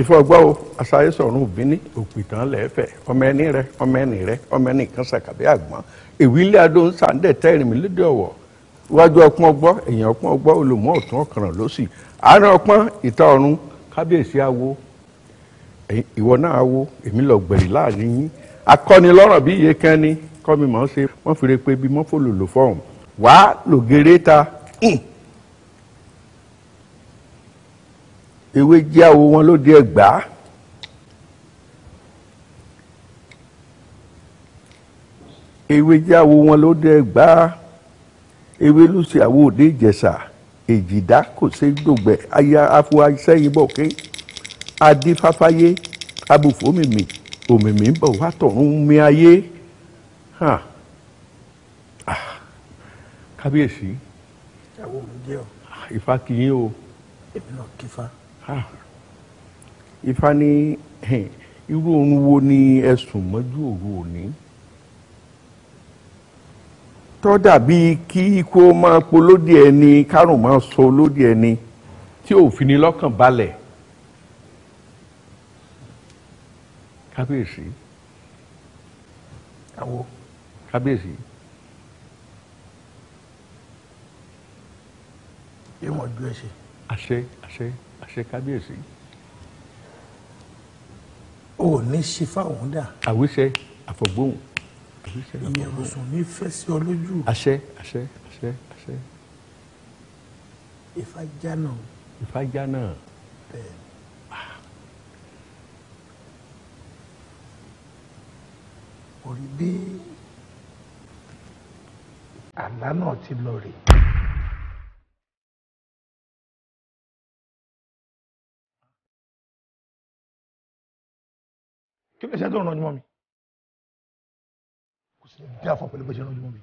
ìfọgbọ́ o aṣáyé sọ̀rùn òbíní òpìtàn lẹ́ẹ̀fẹ̀ ọmọ ẹni rẹ ọmọ ẹni rẹ ọmọ ẹni kan ṣàkàbí àgbọ̀n èwì ilé adó ń sàǹdẹ̀ tẹ́rìn mi lédè ọ̀wọ̀ iwájú ọpọ́n ọgbọ́ èèyàn ọpọ́n ọgbọ́ olùmọ̀ ọ̀tún ọkàràn lọ́sì àárín ọpọ́n ìta ọ̀run kábíyèsí awo ìwọ náà awo èmi lọ gbẹ̀rì láàrin yín akọni lọ́rọ̀ bí iye kan ni kọ́ mi mọ̀ ọ́n ṣe wọ́n fi re pé bí mọ́fò lòlò fọ́ọ̀hún wàá lògèrè ta ewé jáwo wọn lóde ẹ̀gbá ewé jáwo wọn lóde ẹ̀gbá ewé lùsì àwo òde ìjẹ̀ṣà èjìdá kò ṣe gbògbẹ aya afọ àìsẹyìn bọ ké adífáfáyé abùfómìmì òmìmì ń bọ̀ wá tọ̀run mi ayé ah. kábíyèsí ìfà kìyìn o èmi náà kífà. Ah. ifá ní irú oorun wo ni ẹ sùn mọ́jú òru òní tó dàbí kí kó máa polódì ẹni kárùn máa sọ olódì ẹni tí ò fi lọ́kàn balẹ̀ kábíyèsí àwo kábíyèsí. ìwọ̀n ju ẹ ṣe. àṣẹ àṣẹ ṣe kábíyèsí. ò ní ṣe fáwọn dà. àwíṣẹ àfọgbóhùn àwíṣẹ àfọgbóhùn. ìyẹ̀wòsàn ní fẹ́ sí ọ lójú. àṣẹ àṣẹ àṣẹ àṣẹ. Ifá jánà. Ifá jánà. bẹ́ẹ̀. Ah. orí bí àlá náà ti lọ rèé. iṣẹ́ tó ń ranjú mọ́ mi kò sí ní dá fún pẹ̀lú bó ṣe ranjú mọ́ mi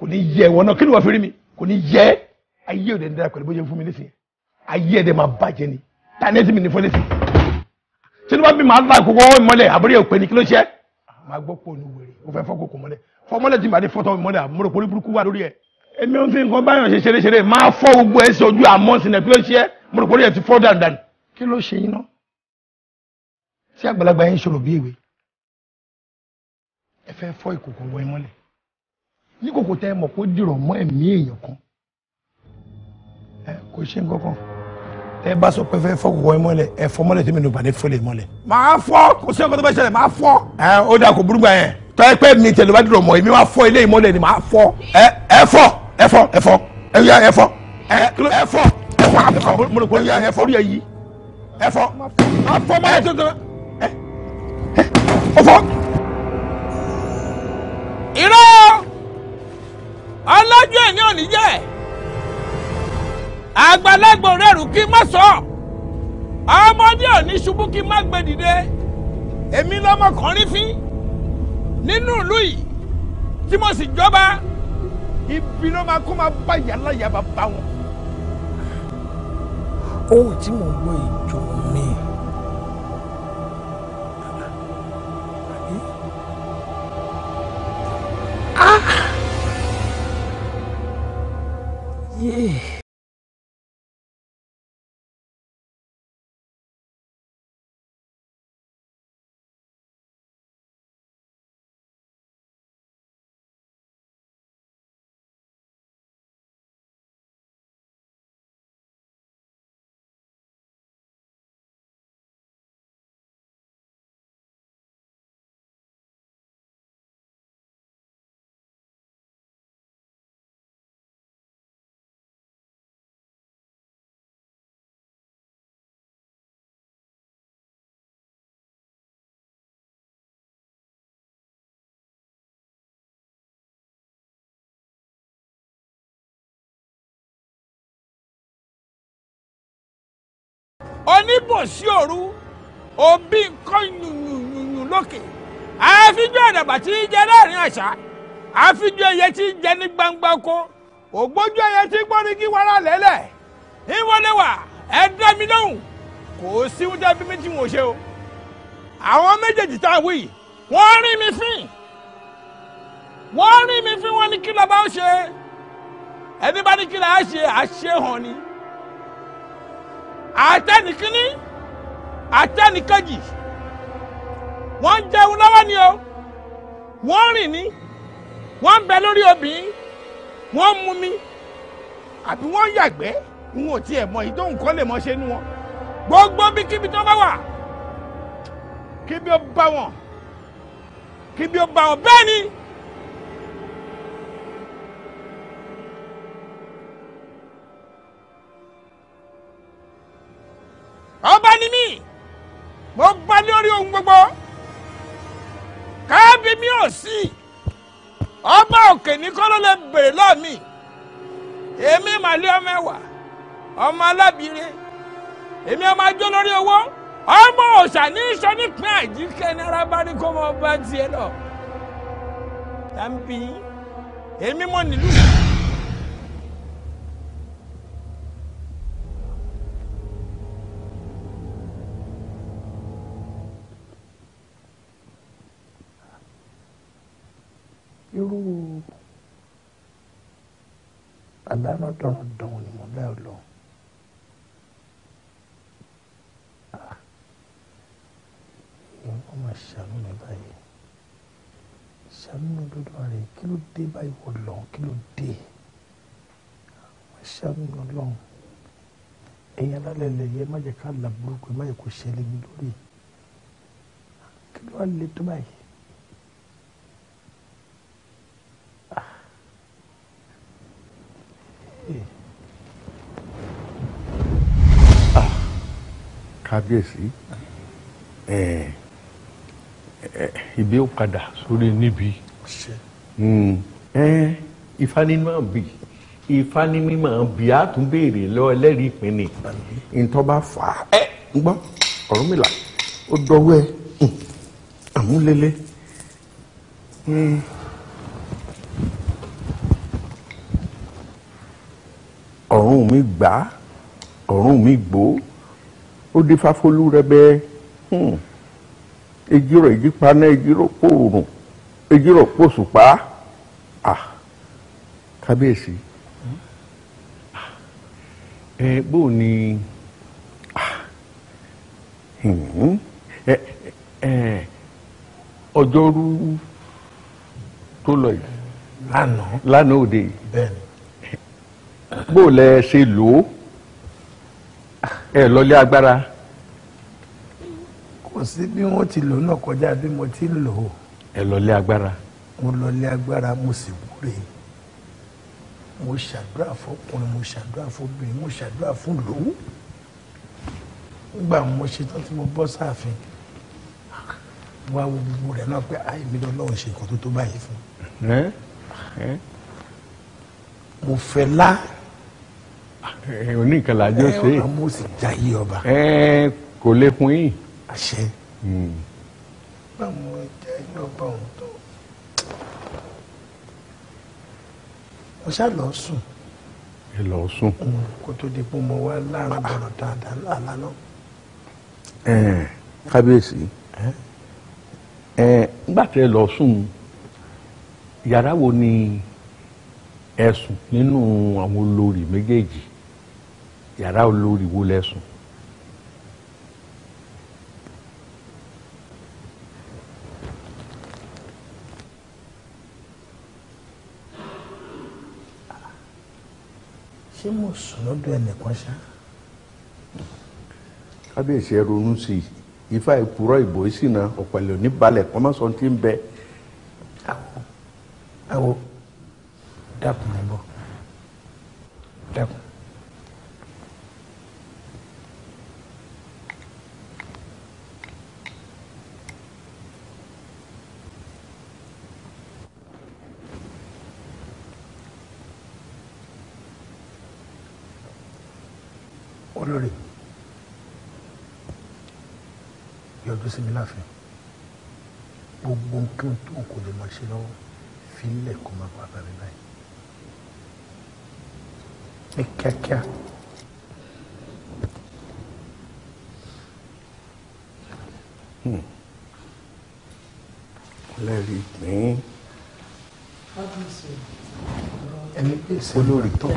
kò ní yẹ ìwọ náà kí ni wàá fi rí mi kò ní yẹ ayé òde dára pẹ̀lú bó ṣe fún mi nísìnyí ayé ẹ̀dẹ̀ máa bàjẹ́ ni tánẹ́tì mi ní fún nísìnyí tí ló bá bí màá láì kókó ìmọ́lẹ̀ àbúrò òpè ní kí ló ṣe màá gbọ́ pò ní wèrè ó fẹ́ fọ́kò kò mọ́lẹ̀ fọmọ́lẹ̀ tí màá dé fọ́tọ̀ ìmọ́lẹ̀ àmúrò pólí burúkú wà lórí ẹ̀ èmi ò fi nǹkan báyọ̀ ṣe ṣeré ṣeré máa fọ́ gbogbo ẹ̀ sí ojú ẹ̀ kí ló ṣe mọ̀rọ̀ pólí ẹ̀ ti fọ́ dandan kí ló ṣe yín náà sí àgbàlagbà yẹn ṣòro bí èwe ẹ fẹ́ fọ́ ìkòkò wọ ìmọ́lẹ̀ ní kòkò tẹ́ ẹ mọ̀ pé dìrọ̀ mọ́ ẹ̀mí èèyàn kan ẹ kò ṣe nǹkan kan tẹ́ ẹ bá sọ pé fẹ́ fọ́ ìkòkò wọ ìmọ́lẹ̀ ẹ fọ́ mọ́lẹ̀ tí mi nù bàdé fọ́lẹ̀ ìmọ́lẹ̀. màá fọ́ kò sí ọkọ tó bá ṣẹlẹ̀ màá fọ́. ẹ ó dà kó burúkú yẹn tọ́ ẹ pé mi tẹ̀lé bá dìrọ̀ mọ́ èmi wá fọ́ ilé ìmọ́lẹ̀ ni màá fọ́. ẹ ẹ fọ́ ẹ fọ́ ẹ fọ́ ẹ yá ẹ fọ́ ẹ ẹ fọ́ ẹ fọ́ ẹ fọ́ ẹ fọ́ ẹ fọ́ ọ̀fọ̀. irọ́ ọlọ́jú ẹ̀yìn ò ní jẹ́ àgbàlagbà òrẹ́rù kí n má sọ ọmọdé ò ní ṣubú kí n má gbé dìde èmi lọmọkùnrin fín nínú ìlú yìí tí mo sì jọba ibi ló máa kó máa bá yàrá yàrá wọn. ohun tí mò ń gbọ́ ìjọ mi. Ah! Yeah. oníbòsí òru òbí nǹkan yùnyùnyùnyùn lókè àfijó àdàbà tí ń jẹ láàrin àṣà àfijó ẹyẹ tí ń jẹ ní gbangba oko ògbójú ẹyẹ tí gbọ́nrigi wàrà lẹ́lẹ̀ ìwọlẹ́wà ẹ̀dá mi lóhùn kò sí wúdà bí mi tí wọ́n ṣe o àwọn méjèèjì tá a wí yìí wọ́n rí mi fín wọ́n rí mi fín wọ́n ní kí lọ́ba ó ṣe ẹni bá ní kí lọ́ba á ṣe àṣehàn ni àtẹnìkíní àtẹnìkejì wọ́n ń jẹun lọ́wọ́ ni o wọ́n ń rìn ní wọ́n ń bẹ lórí obìnrin wọ́n ń mu mi àbí wọ́n ń yàgbẹ́ n ò tiẹ̀ mọ èyí tó nǹkan lè mọ ṣe nu wọn gbogbo bíkíbi tó bá wà kí ó bá wọn kí ó bá wọn bẹ́ẹ̀ ni. ọba ni mí mo gbá lórí ohun gbogbo káàbí mi ò sí ọba òkè ní kọ́ ló lè bèrè lọ́ọ̀ mi èmi màlẹ́ ọmọ ẹ̀wà ọmọ alábìrin èmi ọmọ ajó lórí owó ọmọ òòṣà ní iṣẹ́ nípìn àjíkẹ́ náírà bá ní kó mọ bá tiẹ̀ lọ tàbí èmi mọ nílùú. irú àbámọ̀tọ̀rọ̀ dán ni mo bá lọ. ìyẹn ah, kò máa ṣàánú mi báyìí ṣàánú mi lọ́dọ̀ rẹ̀ kí ló dé báyìí wọ̀ lọ́n kí ló dé máa ṣàánú mi lọ́n ẹ̀yin alálẹ̀ lẹ̀yẹ má jẹ́ ká làbúrò pé má yẹ kó ṣẹlẹ̀ mi lórí kí ló wá lè tó báyìí. Ah, kábíyèsí ìbí ó padà sórí níbi ifá ní máa bì ifá ní mímọ̀ bì á tún béèrè lọ ẹlẹ́rìí ìpínlẹ̀ ntọ́ bá fà á ẹ gbọ́ Ọ̀rúnmìlà ó dọwọ́ ẹ hmm, àmúlélẹ́. Mm. ọ̀run mi gbà ọ̀run mi gbò ó dé fáfolú rẹbẹ ejirọ hmm. ejipaná ejirọ pòrùn ejirọ pòṣùpá ah kábíyèsí. ẹ bó ni ọjọ́rú tó lọ yìí lánàá òde yìí bó lẹ ṣe lò ó ẹ lọlé agbára. kò sí bí wọ́n ti lò náà kọjá bí mo ti lò ó. ẹ lọlé agbára. mo lọlé agbára mo sì wúre mo ṣàdúrà fọkùnrin mo ṣàdúrà fọbìnrin mo ṣàdúrà fún lòó nígbà mo ṣetán tí mo bọ́ sáàfin wá wo gbogbo rẹ̀ náà pé àìmí lọ́lọ́run ṣe nǹkan tó tó báyìí fún. mo fẹ́ lá oníkàlájọ ṣe. ẹ ọmọ òsì já yí ọba. ẹ kò lè fún yín. àṣẹ. Hmm. báwo jẹ́ lọ́ba òun tó. mo ṣá lọ sùn. ẹ lọ sùn. kó tó di pé mo wá láàrin bọ̀rọ̀ dáadáa lálá náà. kábíyèsí nígbà tí ẹ lọ sùn yàrá wo ni ẹ sùn nínú àwọn olórí méjèèjì yàrá olórí wo lẹ́sùn. ṣé mo sùn lọ́dọ̀ ẹnìkan ṣá. kábíyèsí ẹ ronú sí i ifá ìpúrọ ìbò ìsìnà ọ̀pẹ̀lẹ̀ oníbalẹ̀ kọ́mọ́sán ti ń bẹ. àwo àwo dákun ẹ bọ dákun. olórí yọjú sí mi láàfin gbogbo nǹkan tó kò lè máa ṣe lọ́wọ́ fi lẹ̀ kó máa bá bàbá mi báyìí ní kíákíá. Hmm. lẹ́rìí pín ẹni olórí tó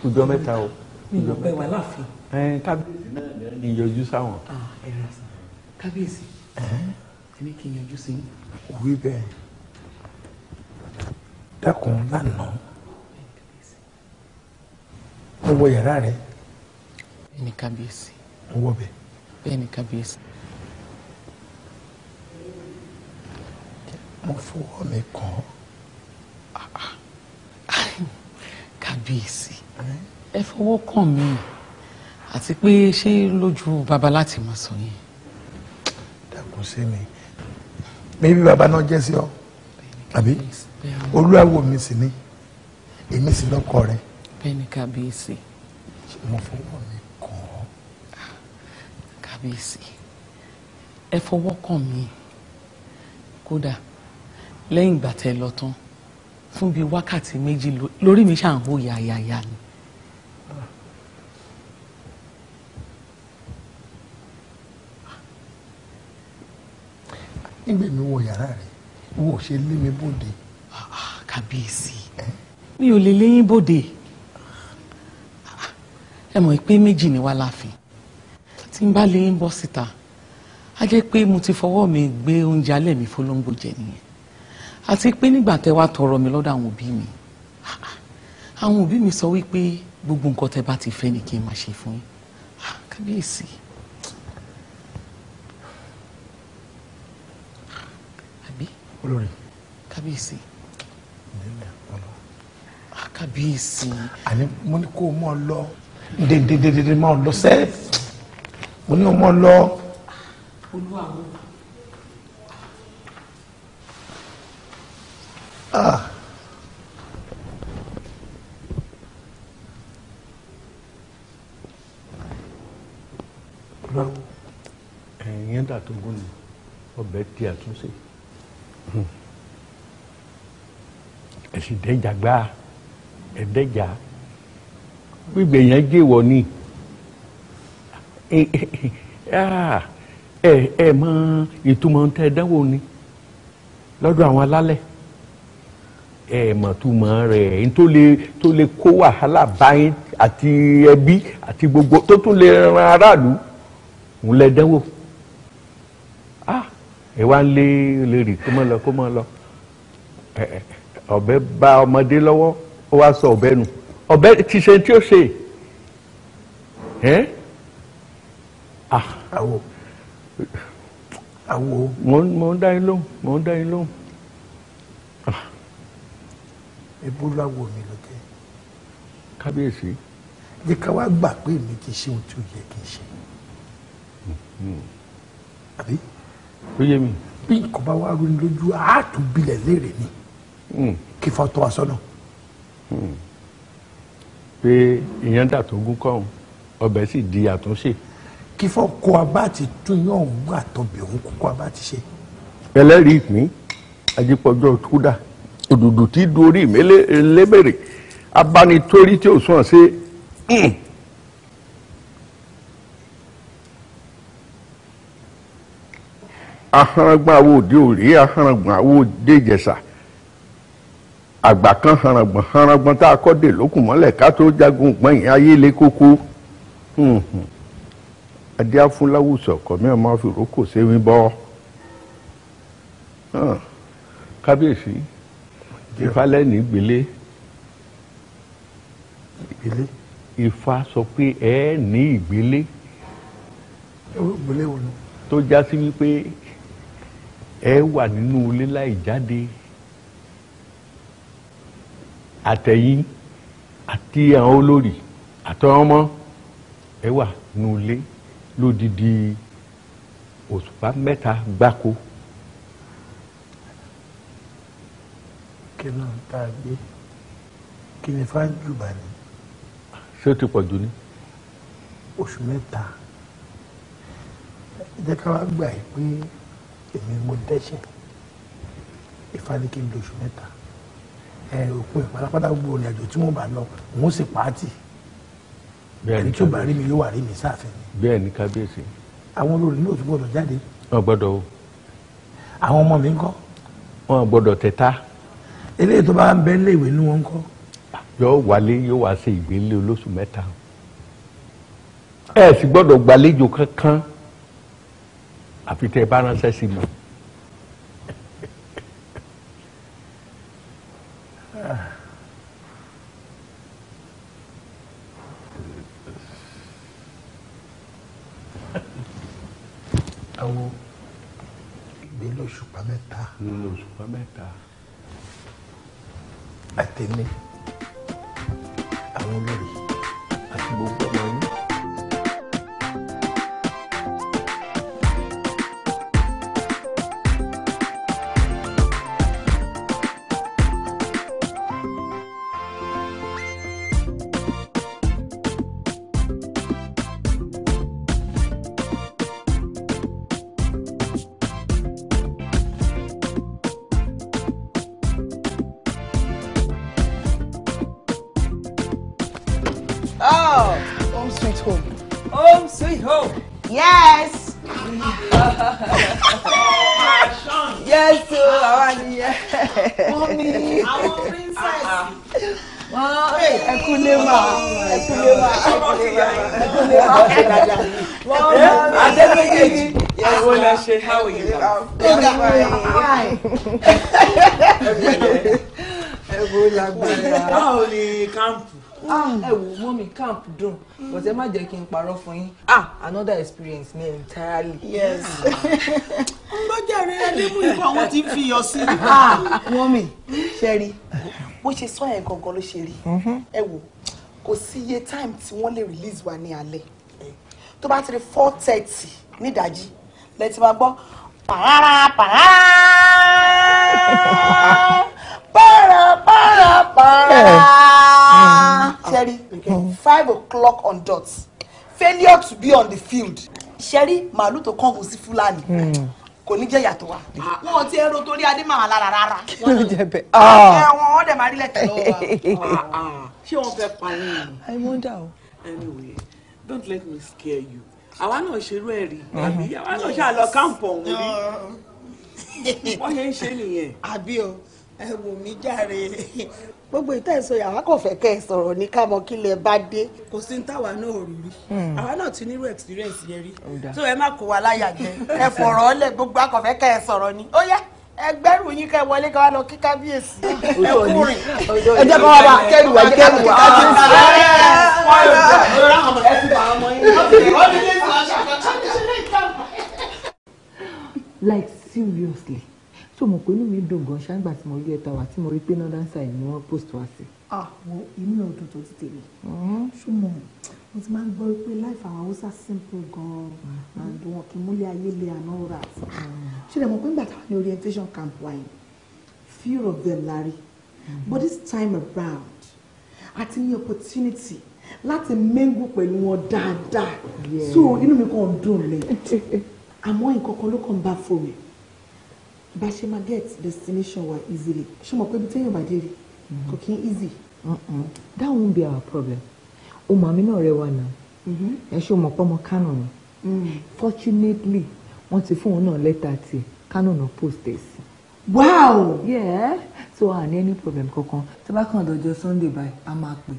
kùjọ mẹ́ta o mi ò bẹ wà láàfin. kábíyèsí náà lè ní yọjú sáwọn. Ah, kábíyèsí ẹni kì í yọjú sí. òwe bẹ́ẹ̀ dákun lánàá mo wọ yàrá rẹ. bẹ́ẹ̀ ni kábíyèsí. mo wọ bẹ́ẹ̀. bẹ́ẹ̀ ni kábíyèsí. mo fọwọ́ mi kàn án. Ah, ah. kábíyèsí. Mm -hmm ẹ fọwọ́ kàn mí àti pé ṣé lójú baba láti máa sọ yẹn. dàkún sí mi bébí baba náà jẹ́ sí ọ àbí olúwawo mi sì ni èmi sì lọ́kọ rẹ. bẹ́ẹ̀ni kábíyèsí. mo fọwọ́ mi kàn ọ́. Ah, kábíyèsí ẹ fọwọ́ kàn mí kódà lẹ́yìn ìgbà tẹ́ lọ tán fún bíi wákàtí méjì lórí mi ṣàn yàyàyà ni nígbà mi wọ yàrá rẹ wò ṣe lé mi bòde. Ah, ah, kábíyèsí mi ò lè léyìn bòde ẹ mọ̀ pé méjì ni wá láàfin tí n bá léyìn bọ́ síta a jẹ́ pé mo ti fọwọ́ mi gbé oúnjẹ alẹ́ mi fọlọ́ngbò jẹ nìyẹn àti pé nígbà tẹ wá tọrọ mi lọ́dọ̀ àwọn òbí mi ah, àwọn òbí mi sọ wípé gbogbo nǹkan tẹ bá ti fẹ́ ni kí n máa ṣe fún yín kábíyèsí. olórí. kábíyèsí. Ah, kábíyèsí. àní mo ní kó o mọ̀ lọ dèdèdèdè mọ̀ lọ sẹ́ mo ní o mọ̀ lọ. olúwa wo. ah. ẹ̀yìn ẹ̀dà tó gún ni ọbẹ̀ tí a tún ṣe ẹ̀sìn dẹ́jà gbá ẹ̀dẹ́jà gbígbẹ̀ yẹn jẹ́wọ́ ni ẹ ẹ mọ ìtumọ̀ tẹ dánwò ni lọ́dọ̀ àwọn alálẹ̀ ẹ mọ̀ túmọ̀ rẹ̀ tó lè tó lè kó wàhálà báyìí àti ẹbí àti gbogbo tó tún lè ran aráàlú ń dánwò ẹ wá ń lé lèrè kó mọ́ lọ kó mọ́ lọ ọ̀bẹ bá ọmọdé lọ́wọ́ ó wá sọ ọ̀bẹ nù ọ̀bẹ ti ṣe tí ó ṣe ẹ́ ah. àwọ̀ àwọ̀ mò ń dá yín lóhùn mò ń dá yín lóhùn. Ah. ebú láwo mi lókè. kábíyèsí. jẹ́ ká wá gbà pé èmi ti ṣe ohun tí ó yẹ kí n ṣe. Hmm. àbí ó yé mi. bí nǹkan bá wá rúni lójú àátúbilẹ̀ léèrè ni hmm. kí fa tó aṣọ náà. Hmm. pé ìyẹn dà tó gún kọ́hún ọbẹ̀ sì di àtúnṣe. kí fọ́ kó a bá ti tún yín ọ̀hún àtọ̀bẹ̀ òun kó a bá ti ṣe. ẹlẹ́rìí ìpín ajípọ̀jọ́ kúdà òdòdó tí dorí mi lébèrè abánitórí tí ò sùn ọ̀ sí. aharangbọn àwọn òde òrè aharangbọn àwọn òde ìjẹ̀ṣà àgbà kan harangbọn harangbọn tá a kọ́ dè lókùn mọ́lẹ̀ ká tó jagun gbọ̀nyìn ayé lé kókó hmm. adé afúnláwùsọ̀ kọ́ mi máa fi rókò séwìn bọ́ kábíyèsí ìfalẹ́ni gbélé Ifá sọ pé ẹ ní ìgbélé tó já wípé ẹ wà nínú ilé láì jáde àtẹ̀yìn àti àwọn olórí àtọ́wọ́n mọ́ ẹ wà nínú ilé lódìdí òṣùpá mẹ́ta gbáko. kí ló ń tá a gbé kí ni fáájú bá ní. ṣé o ti pọ̀ jù ni. oṣù mẹ́ta jẹ́ ká wá gbà yìí pé èmi mo dẹ́ṣẹ̀ Ifá ní kí n lóṣù mẹ́ta òpin ìpàlápàdà gbogbo ìrìn àjò tí mo bá lọ òun sì pàátì ẹni tí ó bá rí mi yóò wà rí mi sáàfin. bẹ́ẹ̀ ni kábíyèsí. àwọn olórí náà tún gbọ́dọ̀ jáde. wọn gbọ́dọ̀ o. àwọn ọmọ mi ń kọ́. wọn gbọ́dọ̀ tẹta. eléyìí tó bá ń bẹ léèwé ni wọn ń kọ́. yóò wálé yóò wá ṣe ìgbélé olóṣù mẹ́ta. ẹ sì gbọ́dọ̀ gbàlejò kankan àfi tẹ bá ránṣẹ́ sí mi. awo ìgbélé òṣùpá mẹ́ta. ìgbélé òṣùpá mẹ́ta. àtẹ̀mí àwọn olórí àti gbogbo ṣe how are you now. ọ̀gá hi. Every day, every day. ni kámpù. Ah, ẹ wo mọ́mí camp dùn but ẹ má jẹ́ kí n parọ́ fún ah another experience me entirely. yes. lọ́jàre adébúlẹ̀ kọ́ àwọn tí ń fi iyọ̀ sí. Ah, mọ́mí ṣẹ́rí bó ṣe sọ yẹn gangan ló ṣe rí mm-hmm. ẹ wo time to only lè release wa ní to tó bá ti di four thirty nídàájí lẹ́tí máa gbọ́ pàrà pàrà pàrà pàrà pàrà eh. ṣẹ́rí five o'clock on dot failure to be on the field ṣẹ́rí màálù tó kángun sí fúlàní hmm. kò ní jẹ́ yàtọ̀ wa. wọn ti ẹrọ torí adé máa lára rárá. kí ló jẹ bẹ. ẹ ah. wọn dẹ máa rí lẹ́tẹ̀ lọ́wọ́ wa. Ah, ah. ṣé wọn fẹ́ pa yín. i wonder o. anyway don't let me scare you àwa náà ṣerú ẹ̀ rí àbí àwa náà ṣáà lọ káàmpù ọ̀hún rí wọ́n ṣe ń ṣe nìyẹn. àbí o ẹ wò mí jàre gbogbo ìtẹ́ ìsọyà àwa kò fẹ́ kẹ́ ẹ sọ̀rọ̀ ní ká mọ kí lẹ bá dé. kò sí ní táwa náà rí rí hmm. àwa náà ti nírú experience yẹn rí tó ẹ má kó wa láyà jẹ ẹ fọ̀rọ̀ ọ́ lẹ̀ gbogbo akọ̀fẹ́ kẹ́ ẹ sọ̀rọ̀ ni ó yá ẹgbẹ́rù yín kẹ́ wọlé kẹ́ wá lọ kí kábíyèsí. ẹ jẹ́ kó wá bá kẹ́rù wá kẹ́rù wá like seriously So, mo pé inú mi dùn gan ṣáàgbà tí mo rí ẹ̀ta wá tí mo rí pé northern side ni wọ́n post wá sí. àwọ̀ èmi ò dùn ti tèmi mm-hmm. ṣùgbọ́n mo ti máa ń gbọ́ pé life àwọn haúsá simple gan-an mm-hmm. and wọn kì í múlẹ̀ ayé lè àná rà àti ṣùgbọ́n mo pé nígbà táwọn ní orientation camp wáyé few of them lárí mm-hmm. but this time around àti ní opportunity láti mingle pẹ̀lú wọn dáadáa so inú mi kàn dùn lẹ̀ àmọ́ nǹkan kan ló kàn bá fò mí bá ṣe máa get destination wa easily ṣé mo pé ibi téèyàn bá dé rí kò kí n easy. that won't be our problem o màmí náà rẹwà náà mm-hmm. ẹ ṣe mọ̀ pọ́nmọ́ kánò ni mm. fortunately wọ́n ti fún òun náà lẹ́tà tí kánò náà post ẹ̀ sí. wow yeah so a ní any problem kankan tí bá kàn dọjọ́ sunday báyìí a máa pè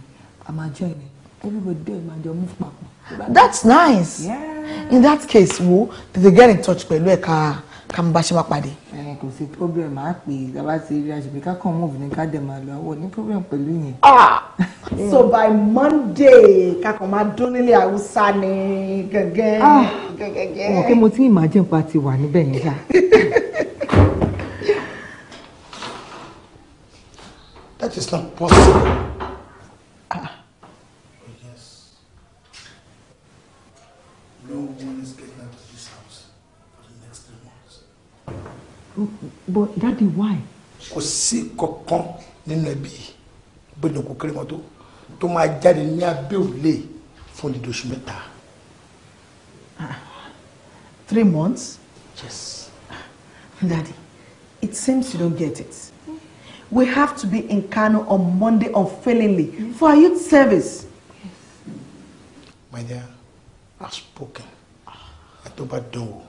a máa join everybody dẹ̀ máa jọ move papọ̀. that's nice yeah. in that case wo did they get in touch with ẹ̀ka can mo bá ṣe máa pàdé. ẹ kò problem á pè é serious ti rí aṣèpé move ní ká dẹ̀ máa lọ àwọn ní problem pẹ̀lú ah! so by monday kakàn máa dún nílé haúsá ni gẹ́gẹ́. ọmọ ah! kí mo ti imagine pa ti wà níbẹ̀ yẹn ṣá. that is not possible. but daddy why. kò sí kankan nínú ẹbí gbẹdọ̀kọ̀ kéremọ́tò tó máa jáde ní abẹ́ òrùlé fún ìdí oṣù mẹ́ta. Ah, three months. yes. daddy it seems you don't get it. We have to be in Kano on Monday unfailingly for our youth service. Yes. My dear, I've spoken. I don't Atoba Dongo.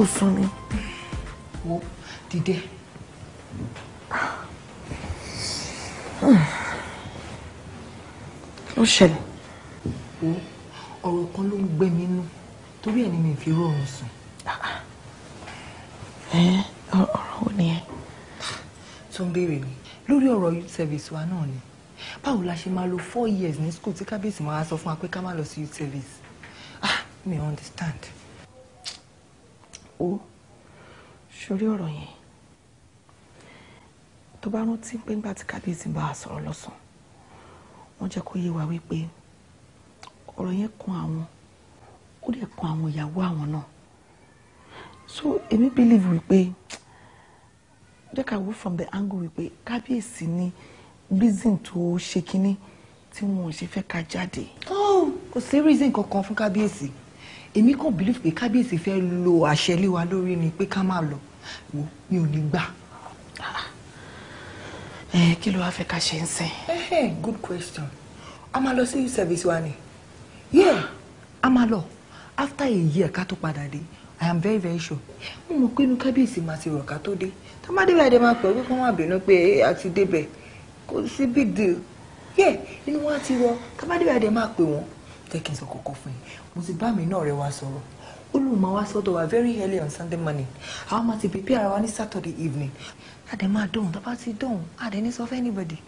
ìwòsàn ni. wo dìde. ó ṣẹlẹ̀. wo ọ̀rọ̀ kan ló ń gbé mi nú torí ẹ̀ ni mi fi rọrùn sùn. ọ̀rọ̀ wo ni ẹ. tó ń béèrè mi lórí ọ̀rọ̀ youth service wa náà ni báwo la ṣe máa lo four years ní school tí kábíyèsí máa sọ fún wa pé ká má lọ sí youth service ah mi understand ó sórí ọ̀rọ̀ yẹn tó bá rántí pé ńgbà tí kábíyèsí bá a sọ̀rọ̀ lọ́sàn wọ́n jẹ́ kó yé wa wípé ọ̀rọ̀ yẹn kan àwọn ó dẹ̀ kan àwọn ìyàwó àwọn náà so èmi believe wípé jẹ́ ká wò from the angle wípé kábíyèsí ní reason tó ṣe kínní tí wọn ò ṣe fẹ́ ká jáde. Oh, kò sí reason kankan fún kábíyèsí èmi kàn believe pé kábíyèsí fẹ́ lo àṣẹ lé wa lórí ni pé ká máa lọ wo mi ò ní gbà. Ah. Eh, kí ló wá fẹ́ ká ṣe ń sìn. good question a máa lọ sí service wa ni yeah a máa lọ after a year ká tó padà dé i am very very sure mo mọ̀ pé inú kábíyèsí máa ti rọ̀ ká tó dé tó má débẹ̀ àdé máa pẹ̀ wípé kó má bínú pé eh, a ti débẹ̀ kò sí big deal yeah inú wa ti rọ̀ tó má débẹ̀ àdé máa pè wọ́n jẹ́ kí n sọ kọ̀ọ̀kan fún yín mo ti bá mi náà rẹ wa sọ̀rọ̀ ó wá sọ́dọ̀ wa very early on sunday morning àwọn máa ti pèpè ara wa ní saturday evening àdè máa dọ̀hún tá bá ti dọ̀hún àdè ní sọ fún anybody.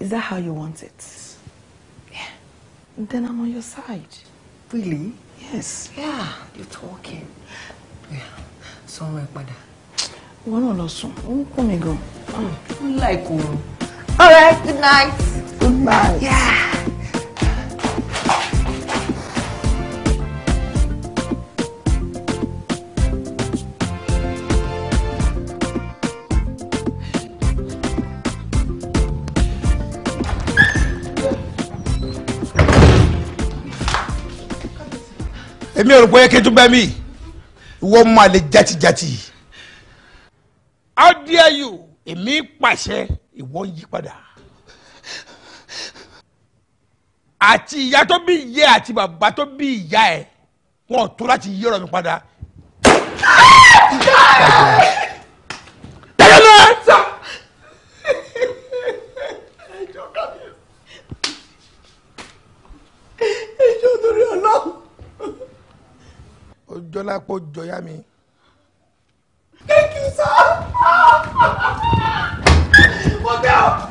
Is that how you want it? Yeah. Then I'm on your side. Really? Yes. Yeah, you're talking. Yeah. Somewhere, padà. Wọ́n náà lọ sùn, ó ń kún mi gan. Ó ń All right, good night. Good night. Yeah. èmi ò rò pé kí n tún bẹ́ mi ìwọ máa lè jatijati. how dare you èmi pàṣẹ ìwọ ń yí padà àti ìyá tó bí ìyá àti bàbá tó bí ìyá ẹ wọn ò tó láti yí ọ̀rọ̀ mi padà. ẹjọ́ torí ọlọ́run. ọjọ́ lápò jọyá mi. thank you sir. out!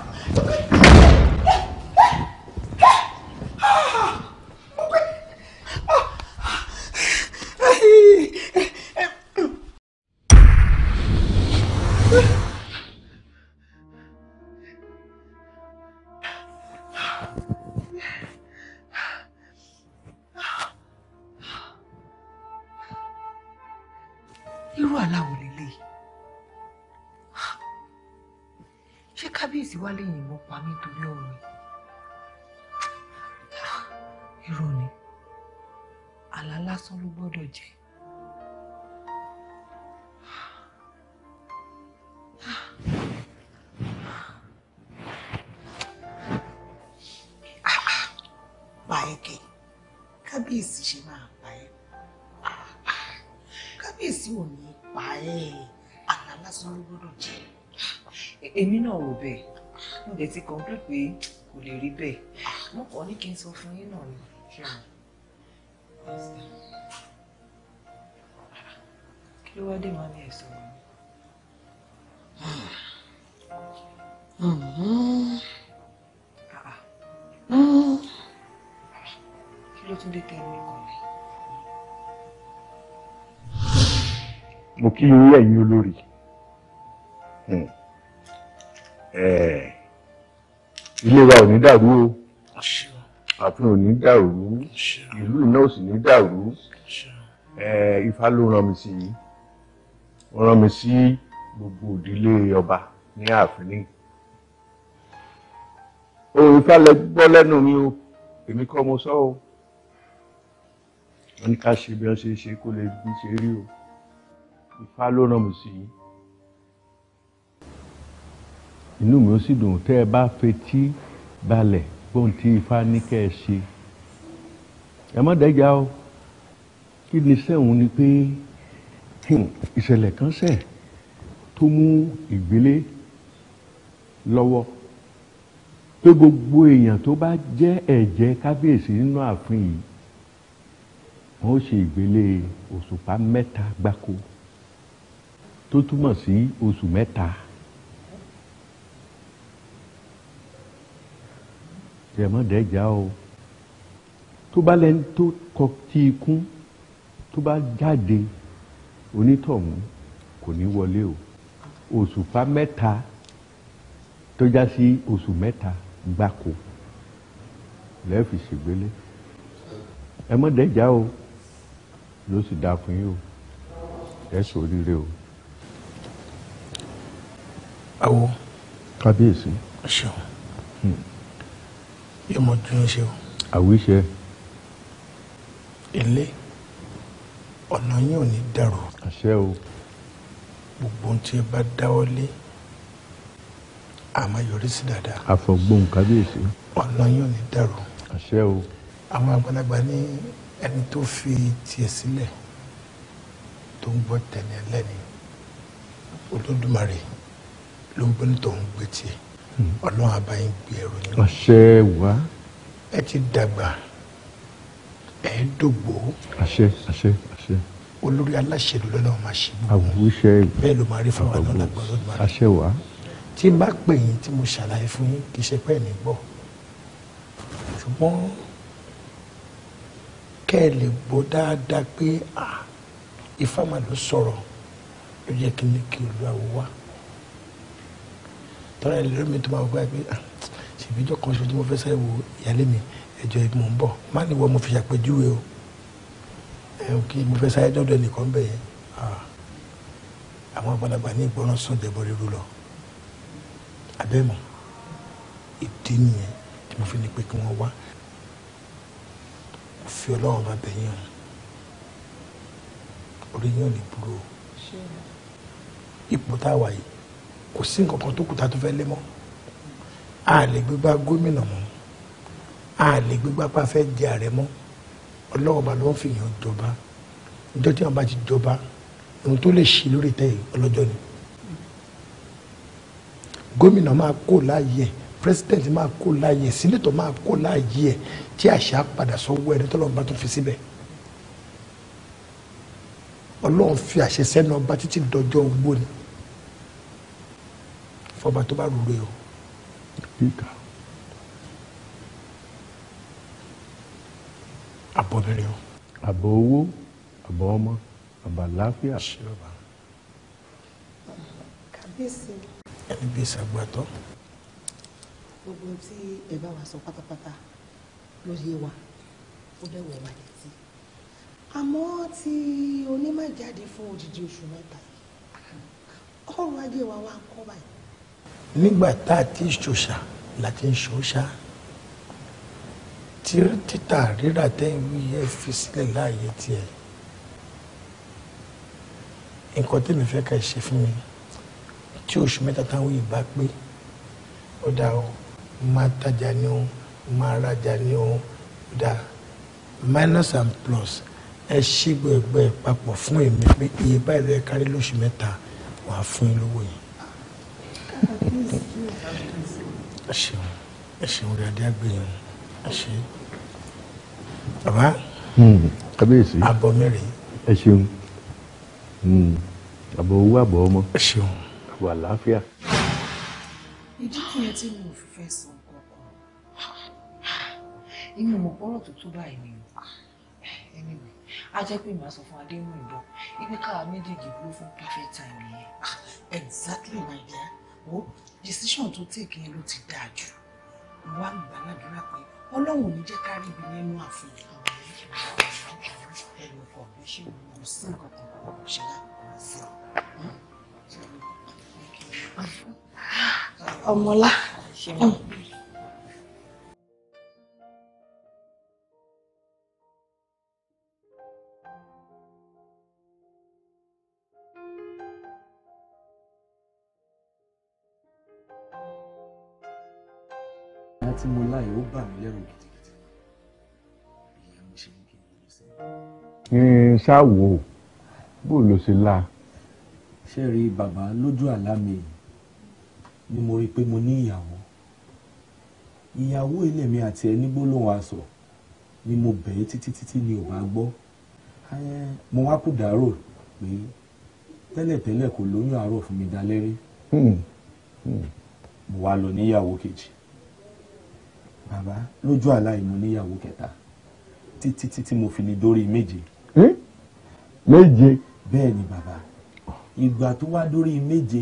èmi náà rò bẹ́ẹ̀ mo dẹ̀ ti complete pé kò lè rí bẹ́ẹ̀ mo kàn ní kí n sọ fún yín náà ni. kí ló wá dé màá ní ẹ̀sọ́ mi. kí ló tún dé tẹ̀ mí kan mi. mo kí yín ẹ̀yin olórí. Hmm. Eh. ilé wa ò ní dàrú o ààfin ò ní dàrú ìlú iná ò sì ní dàrú eh, ifá ló rán mi sí ó rán mi sí gbogbo òdílé ọba ní ààfin ohun ifá lẹ gbọ́ lẹ́nu mi o èmi kọ́ mo sọ o wọ́n ní ká ṣe bí wọ́n ṣe ṣe kó lè bí ṣe rí o ifá ló rán mi sí yìí inú mi ó sì dùn tẹ́ ẹ bá fetí balẹ̀ gbóhùn tí ifá ní kẹ́ ẹ ṣe ẹ má dẹ́jà o kí ni sẹ́hùn ni pé hmm, ìṣẹ̀lẹ̀ kan ṣẹ̀ tó mú ìgbélé lọ́wọ́ pé gbogbo èèyàn tó bá jẹ́ ẹ̀jẹ̀ kábíyèsí nínú ààfin yìí wọ́n ó ṣe ìgbélé òṣùpá mẹ́ta gbáko tó túmọ̀ sí oṣù mẹ́ta. Si tiẹ̀ mọ́ dẹ́jà o tó bá lẹ́ni tó kọ tí ikú tó bá jáde onítọ̀hún kò ní wọlé o òṣùpá mẹ́ta tó já sí oṣù mẹ́ta gbáko lẹ́ẹ̀fì ṣègbélé ẹ dẹ́jà o ló sì dáa fún yín o ẹ oríire o. awo kábíyèsí. ṣeun. Hmm yóò mọ dúró ṣe o. àwíṣe. ilé ọ̀nà yín ò ní dàrú. àṣẹ o. gbogbo ohun tí ẹ bá dáwọ́ lé àmọ́ yọrí sí dáadáa. àfọ̀gbọ́n kábíyèsí. ọ̀nà yín ò ní dàrú. àṣẹ o. àwọn àgbàlagbà ní ẹni tó fi tiẹ̀ sílẹ̀ tó ń gbọ́ tẹ̀lé ẹlẹ́ni Olódùmarè ló ń gbé ní tòun gbé tiẹ̀ ọlọ́run àbáyé gbé ẹrù yín. àṣẹ wá. ẹ ti dàgbà ẹ dògbò. àṣẹ àṣẹ àṣẹ. olórí aláṣẹ ló lọ́wọ́ máa ṣe gbogbo. àwùjọ bẹ́ẹ̀ ló máa rí fún wa lọ́la gbọ́dọ̀ máa rí. àṣẹ wá. tí n bá pè yín tí mo ṣàlàyé fún yín kì í ṣe pé ẹ̀ ní gbọ́ ṣùgbọ́n kẹ́ ẹ lè gbọ́ dáadáa pé Ifá mà ló sọ̀rọ̀ ló yẹ kí n ní kí olúwa wá tọ́ra ẹ̀ lórí mi tó máa gbá pé ah, ṣèbí ìjọ kan ṣe tí mo fẹ́ sáré wo ìyálé mi ẹjọ́ ìmọ̀ ń bọ̀ má ní wọ́n mo fi ṣàpèjúwe o ẹ̀ òkè mo fẹ́ sáré dọ́dọ̀ nìkan bẹ̀ yẹn ah, àwọn àgbàlagbà ní ìgbọràn sàn jẹ̀bọ̀ rírú lọ abẹ́mọ̀ ìdí nìyẹn tí mo fi ní pé kí wọ́n wá fi ọlọ́run bá bẹ̀ yín orí yín ní burú o ipò tá a wà yìí kò sí nǹkan kan tó kù tá a tó fẹ́ lé mọ́ a lè gbégbá gómìnà mọ́ a lè gbégbá pa fẹ́ jẹ ààrẹ mọ́ ọlọ́wọ́ bá ló ń fi yàn jọba ìjọ tí wọn bá ti jọba ohun tó lè ṣe lórí tẹ́yìn ọlọ́jọ́ ni gómìnà máa kó láàyè president máa kó láàyè senator máa kó láàyè tí àṣà padà sọ́wọ́ ẹni tọ́lọ́run bá tún fi síbẹ̀ ọlọ́run fi àṣẹ sẹ́nu ọba títí dọjọ́ ogbó ni fọba tó bá rú rẹ o. àbọ̀bẹ̀rẹ̀ o. àbọ̀ owó àbọ̀ ọmọ àbọ̀ àlàáfíà. kàbíyèsí. ẹni bíi ṣàgbàtọ́. gbogbo tí ẹ bá wa sọ pátápátá ló yé wa ó dẹ́wọ̀ wá létí àmọ́ tí onímọ̀ jáde fún odidi oṣù mẹ́ta yìí ọrọ̀ ajé wa wá ń kọ́ báyìí nígbà tá a ti ṣòṣà la ti ń ṣòṣà títà rírà tẹ́yìn wí ẹ fi sílẹ̀ láàyè tiẹ̀ nǹkan tẹ́mi fẹ́ ká ṣe fún mi tí oṣù mẹ́ta táwọn yìí bá pé ó dáa o máa tajà ni o máa rajà ni o ó dáa minus and plus ẹ ṣí gbẹgbẹ papọ̀ fún èmi pé iye báyìí ló yẹ kárí lóṣù mẹ́ta wàá fún yín lówó yìí ẹ ṣeun ẹ ṣeun rẹ adé àgbèyàn ẹ ṣe bàbá hmm, kábíyèsí àbọ̀ mẹ́rin ẹ ṣeun hmm, àbọ̀ owó àbọ̀ ọmọ ẹ ṣeun àbọ̀ àlàáfíà. ìdí kìíní tí mi ò fi fẹ́ sọ kankan inú mọ̀ pọ́rọ̀ tó tó báyìí ni ẹni mi a jẹ́ pé màá sọ fún wo decision tó take yẹn ló ti dáa jù mo wá gbà ládùúrà pé ọlọ́run ò ní jẹ́ ká rí ibi nínú àfihàn ẹ̀rọ ọkọ̀ mi ṣe kò sí nǹkan kan kò ṣe láàbùkù sí ọmọlá. tí mo láyè ó bà mí lẹ́rù gidigidi ìyẹn mo ṣe ní kí n lọ sí. ṣáà wò ó bó ló ṣe la. ṣé rí bàbá lójú àlá mi ni mo rí i pé mo ní ìyàwó ìyàwó ilé mi àti ẹni gbólóhùn aṣọ ni mo bẹ̀ẹ́ títí títí ni ò wá gbọ́ mo wá kù dárò pé tẹ́lẹ̀tẹ́lẹ̀ kò lóyún àárọ̀ fún mi dalẹ́rí hmm. hmm. mo wá lọ níyàwó kejì Baba, lójú àlá ìmú níyàwó kẹta títí títí mo fi lè dórí méje. méje. bẹ́ẹ̀ ni bàbá ìgbà tó wá dórí méje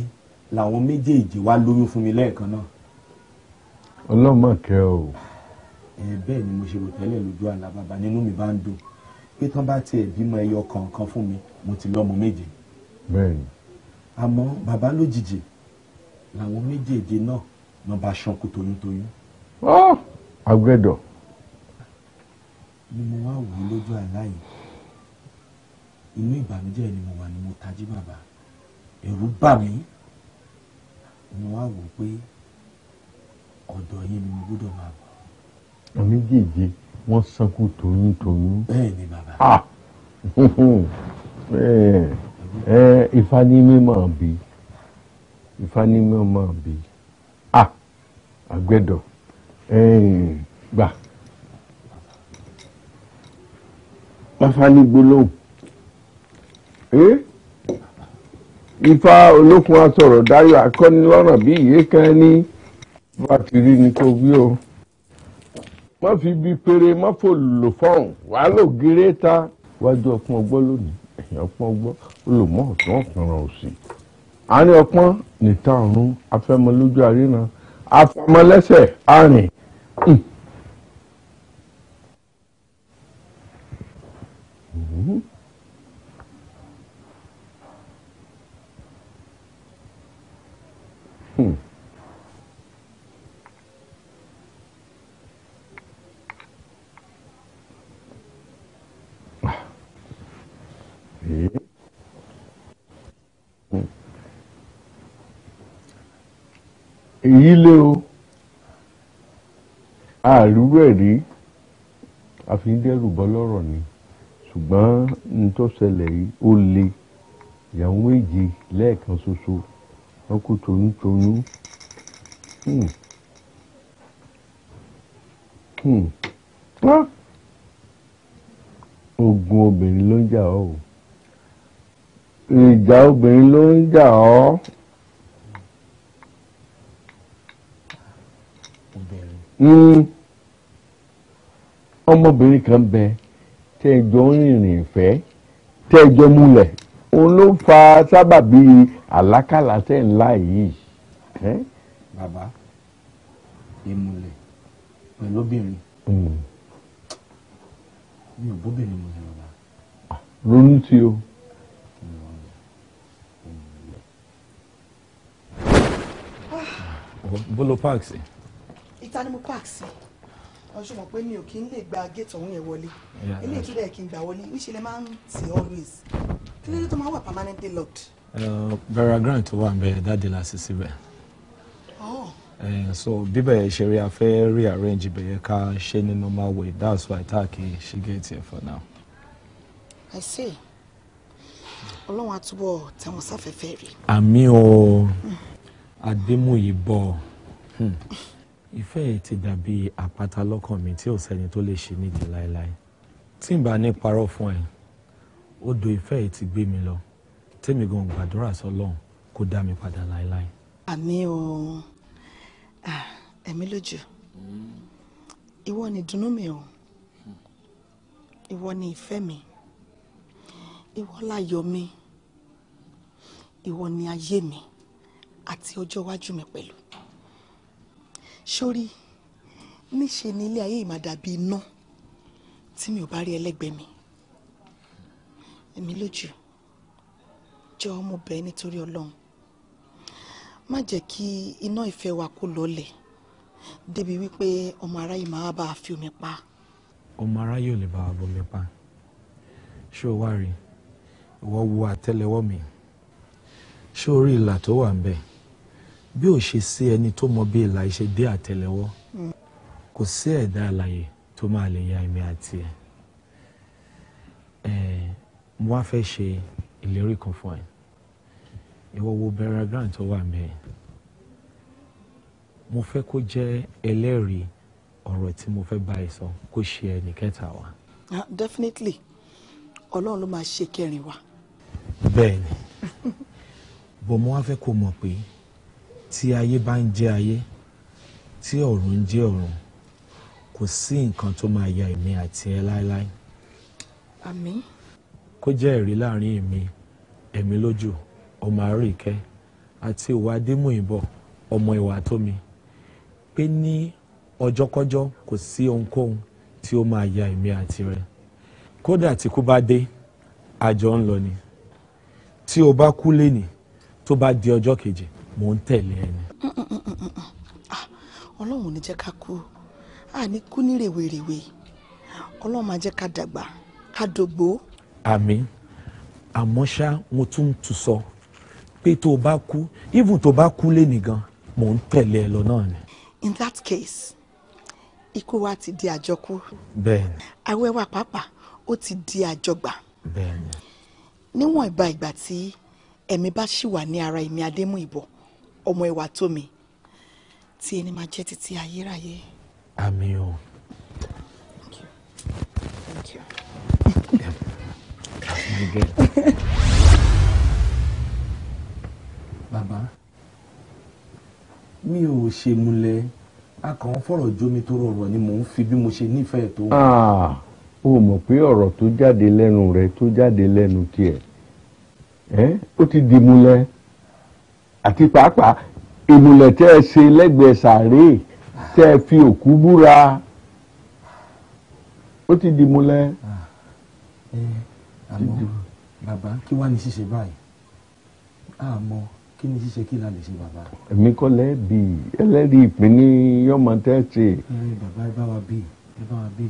làwọn méjèèjì wá lóyún fún mi lẹ́ẹ̀kan náà. ọlọ́mọ o. ẹ bẹ́ẹ̀ ni mo ṣe rò tẹ́lẹ̀ lójú àlá bàbá nínú mi bá ń dùn pé tán bá tiẹ̀ bímọ ẹyọ kọ̀ọ̀kan fún mi mo ti lọ́mọ méje. bẹ́ẹ̀ni. àmọ́ bàbá lójijì làwọn méjèèjì náà náà ṣanku toyúntoyún. Ah! agbẹ́dọ̀. ni mo wá wò ó lójú àìláyé inú ìbànújẹ́ ni mo wà ni mo tají bàbá ẹ̀rù bà mí mo wá wò ó pé ọ̀dọ̀ yín ni mo gbọ́dọ̀ máa bọ̀. àmì jèjì wọ́n sanku tòyún tòyún. bẹ́ẹ̀ ni bàbá. Ifá ní mímọ̀ bí Ifá ní mímọ̀ bí àgbẹ̀dọ̀. Ah, gbà Ifá ní gbólóhùn Ifá olókun asọ̀rọ̀ dáyọ̀ akọ́nilọ́rọ̀ bí ìyé kan ní wá ti rí ni kò wí o má fi bí péré má fò lò fọ́hùn wà á lò géré ta wájú ọpọ́n ọgbọ́n lónìí ẹ̀yìn ọpọ́n ọgbọ́n olùmọ̀ ọ̀tún ọ̀kanràn òsì àárín ọpọ́n nìta ọ̀run afẹ́mọlójú àríran afọmọlẹ́sẹ̀ àárín Mm. èyí lé o àrírú ẹ̀ rí àfi ń dẹ́rù bọ́ lọ́rọ̀ ni ṣùgbọ́n ní tó ṣẹlẹ̀ yìí ó le ìyàwó méje lẹ́ẹ̀kan ṣoṣo wọn kú toyúntoyún hmm. Hmm. Ah! ogun obìnrin ló ń jà ọ́ o ìjà obìnrin ló ń jà ọ́. obìnrin. Hmm ọmọbìnrin kan bẹ tẹ́jọ ń rìnrìn ìfẹ́ tẹ́jọ múlẹ̀ òun ló fa sábàbí àlákàlà tẹ́ ńlá yìí. bàbá ìmùlẹ̀ pẹ̀lú obìnrin hmm. mi ò bóbìnrin mu ni bàbá. Ah, ronú tí o. Ah, bolo park sí. ìta ni mo park sí ọṣù mọ̀ pé mi ò kí ń lè gba géètì ọ̀hún yẹn wọlé ilé ìtúdẹ̀ kí n gbà wọlé níṣẹ́ lè máa ń tì always kí ló dé tó máa wà permanently locked. vera uh, grant wà ń bẹ dáàdi láti síbẹ̀ oh. eh, so bíbẹ̀ ìṣeré afẹ́ rearrange ìbẹ̀yẹ ká ṣe ní normal way that's why tá a kì í ṣe géètì ẹ̀ for now. i see ọlọ́run àtúbọ̀ tẹ̀wọ̀n sáfẹ́fẹ́ rí. àmì o àdémù yìí bọ̀. Hmm ìfẹ́ yìí ti dàbí àpáta lọ́kàn mi tí ò sẹ́ni tó lè ṣe nídìí láéláé tí n bá ní parọ́ fún ẹ odò ìfẹ́ yìí ti gbé mi lọ tèmi gan gbàdúrà sọlọ́run kó dá mi padà láéláé. àmì o ẹ̀mí lójú ìwọ ni ìdùnnú mi o ìwọ ni ìfẹ́ mi ìwọ láyọ̀ mi ìwọ ni ayé mi àti ọjọ́ iwájú mi pẹ̀lú sórí níṣe ni ilé ayé ìmàdà bí iná tí mi ò bá rí ẹlẹ́gbẹ́ mi èmi lójú jẹ́ ọmọ bẹ́ẹ̀ nítorí ọlọ́run má jẹ́ kí iná ìfẹ́ wa kó lọlẹ̀ débi wípé ọmọ aráyé máa bá a fi omi pa. ọmọ aráyé ò lè bá wa bomi pa ṣé o wá rí ìwọ wo àtẹ́lẹwọ́ mi ṣé o rí ìlà tó wà ń bẹ́ẹ̀ bí ò ṣe sí ẹni tó mọ bí ìlà ìṣe dé àtẹ́lẹwọ́ kò sí ẹ̀dá àlàyé tó máa lè ya èmi àti ẹ ẹ mo wá fẹ́ ṣe ìlérí kan fún ẹ ìwọ wo bera grant tó wà mẹ mo fẹ́ kó jẹ́ ẹlẹ́rìí ọ̀rọ̀ tí mo fẹ́ bá ẹ sọ kó ṣe ẹnì kẹta wa. Ah, definitely ọlọ́run ló máa ṣe kẹrin wa. bẹ́ẹ̀ni bọ̀ mo wá fẹ́ kó mọ̀ pé tí ayé bá ń jẹ́ ayé tí ọ̀run ń jẹ́ ọ̀run kò sí nǹkan tó máa ya èmi àti ẹ láéláé. àmín. kó jẹ́ ẹ̀rí láàrin èmi èmi lójú ọmọ àríkẹ́ àti ìwà adémúyìnbọ̀ ọmọ ìwà tómi pé ní ọjọ́kọ́jọ́ kò sí ohunkóhun tí ó máa ya èmi àti rẹ kódà tí kú bá dé àjọ ń lọ ni tí o bá kú lé ní tó bá di ọjọ́ kejì mò ń tẹ̀lé ẹni. Ah, ọlọ́run ò ní jẹ́ ká kú a ní kú ní rèwerèwe ọlọ́run máa jẹ́ ká dàgbà ká dògbò. àmín àmọ́ ṣá mo tún tù sọ pé tó o bá kú even tó o bá kú lé nìgan mò ń tẹ̀lé ẹ lọ náà ni. in that case ikú wa ti di àjọkú. bẹ́ẹ̀ni. àwẹ̀ wa pàápàá ó ti di àjọgbà. bẹ́ẹ̀ni. níwọ̀n ìgbà ìgbà tí ẹ̀mí bá ṣì wà ní ara ẹ̀mí Adémúìbọ̀ ọmọ ẹwà tó mi tí ẹni máa jẹ́ títí ayérayé. àmín o. thank you thank bàbá mi ò ṣe múlẹ̀ a kàn ń fọ̀rọ̀ jómi tó rọrọ̀ ni mò ń fi bí mo ṣe nífẹ̀ẹ́ tó. Ah, o mọ̀ pé ọ̀rọ̀ tó jáde lẹ́nu rẹ tó jáde lẹ́nu tiẹ̀ ó ti di múlẹ̀ àti pàápàá ìmùlẹ̀ tẹ́ ẹ ṣe lẹ́gbẹ̀ẹ́ sàárè tẹ́ ẹ fi òkú búra ó ti di múlẹ̀. Ah, eh, àmọ́ bàbá kí wàá ní ṣíṣe báyìí àmọ́ kí ni ṣíṣe kí la lè ṣe bàbá. èmi kọ́ lẹ́ẹ̀bì ẹlẹ́rìí ìpín ní yọmọ tẹ́ ẹ ṣe. Eh, bàbá ẹ bá wa bí ẹ bá wa bí.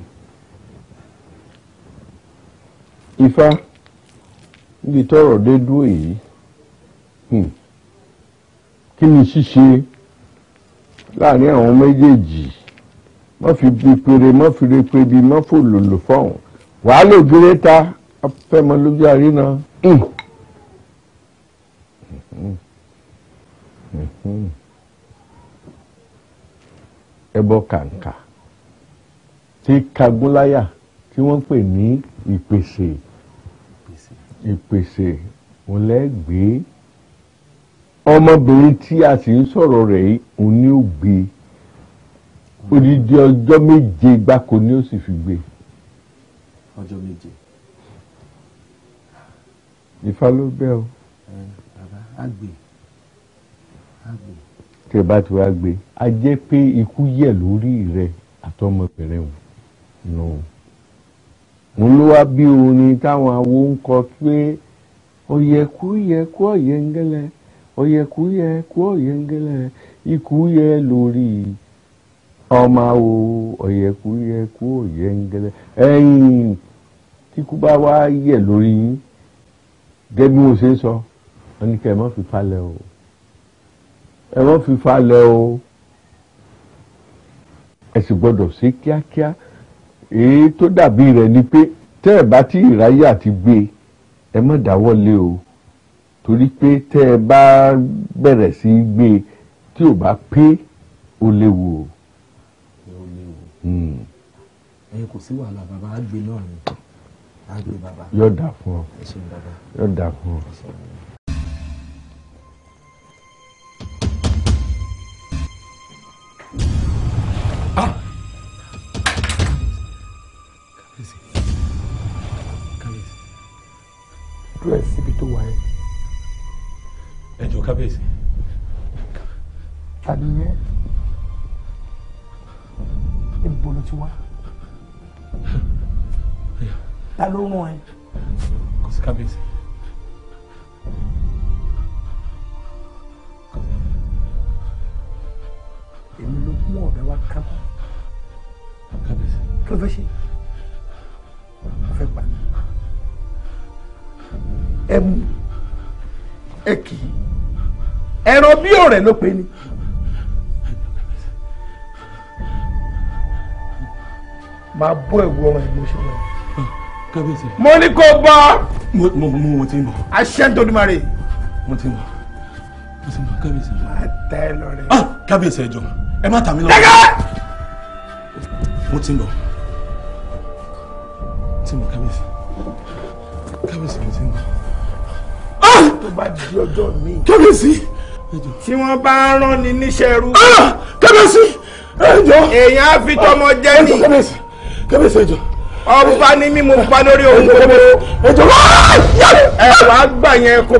ifá níbi tọrọ dé dúró yìí. Hmm, kí ni ṣíṣe láàrin àwọn méjèèjì má fi bí péré má fi re pé bí má fò lòlò fọ́hùn wàá lò géré ta afẹ́mọ lójú àríná. Hmm. ẹbọ kàǹkà tí kagúnláyà tí wọ́n pè ní ìpèsè ìpèsè òun lẹ́gbẹ̀ẹ́ ọmọbìnrin tí a sì ń sọ̀rọ̀ rẹ̀ yìí òun ni ó gbé odidi ọjọ́ méje gbáko ni ó sì fi gbé. ọjọ́ méje. Ifá ló bẹ́ o. bàbá àgbè àgbè. tẹ bá ti wá gbé a jẹ́ pé ikú yẹ̀ lórí rẹ̀ àtọmọbìnrin o. No mo ló wá bí orin táwọn awo ń kọ pé ọ̀yẹ̀kú yẹ̀kú ọ̀yẹ̀ ń gẹ́lẹ́ ọ̀yẹ̀kúyẹ kú ọ̀yẹ̀ngẹ́lẹ́ ikúyẹ lórí ọmọ o ọ̀yẹ̀kúyẹ kú ọ̀yẹ̀ngẹ́lẹ́ ẹ̀yìn kíkú bá wá yẹ̀ lórí yín gẹ́gẹ́ bí mo ṣe ń sọ wọ́n ní kẹ́ ẹ má fi falẹ̀ o ẹ má fi falẹ̀ o ẹ sì gbọ́dọ̀ ṣe kíákíá èyí tó dàbí rẹ̀ ni pé tẹ́ ẹ bá ti ìráyè àti gbé ẹ má dáwọ́ lé o torí pé tẹ́ ẹ bá bẹ̀rẹ̀ sí í gbé e tí ò bá pé ó léwu o. ó hmm. kò sí wàhálà bàbá á gbé náà ni á gbé bàbá. yóò dà fún ọ yóò dà fún ọ. Ah! dúró ẹ síbi tó wà ẹ jọ̀ọ́ kábíyèsí. tàbí yẹn ibo ló ti wá ta ló rún ẹ. kò sí kábíyèsí. èmi ló mú ọ̀bẹ wá kábọ̀ kábíyèsí kí ló fẹ́ ṣe ó fẹ́ pa ẹ mú ẹ kì í ẹran bí ọ̀rẹ́ ló pe ni. máa bọ́ ẹ̀wù ọmọ ẹ̀ ló ṣe wọ̀ kábíyèsí. mo ní kó bá. mo mo mo ti ń bọ̀. aṣẹ́ nítorí máa rè. mo ti ń bọ̀ mo ti ń bọ̀ kábíyèsí. máa tẹ ẹ lọ rẹ. ah kábíyèsí ẹ jọ ẹ má tà mí lọ. dẹ́gẹ́. mo ti ń bọ̀ mo ti ń bọ̀ kábíyèsí kábíyèsí mo ti ń bọ̀. ah tó bá di ọjọ́ mi. kábíyèsí tí wọ́n bá ń rán ni níṣẹ́ rú. kábíyèsí ẹjọ. èèyàn á fi tọmọ jẹ ni. kábíyèsí kábíyèsí ẹjọ. ọba ni mímu pa lórí ohun gbogbo. ẹjọ ẹ wàá gbà yẹn kó.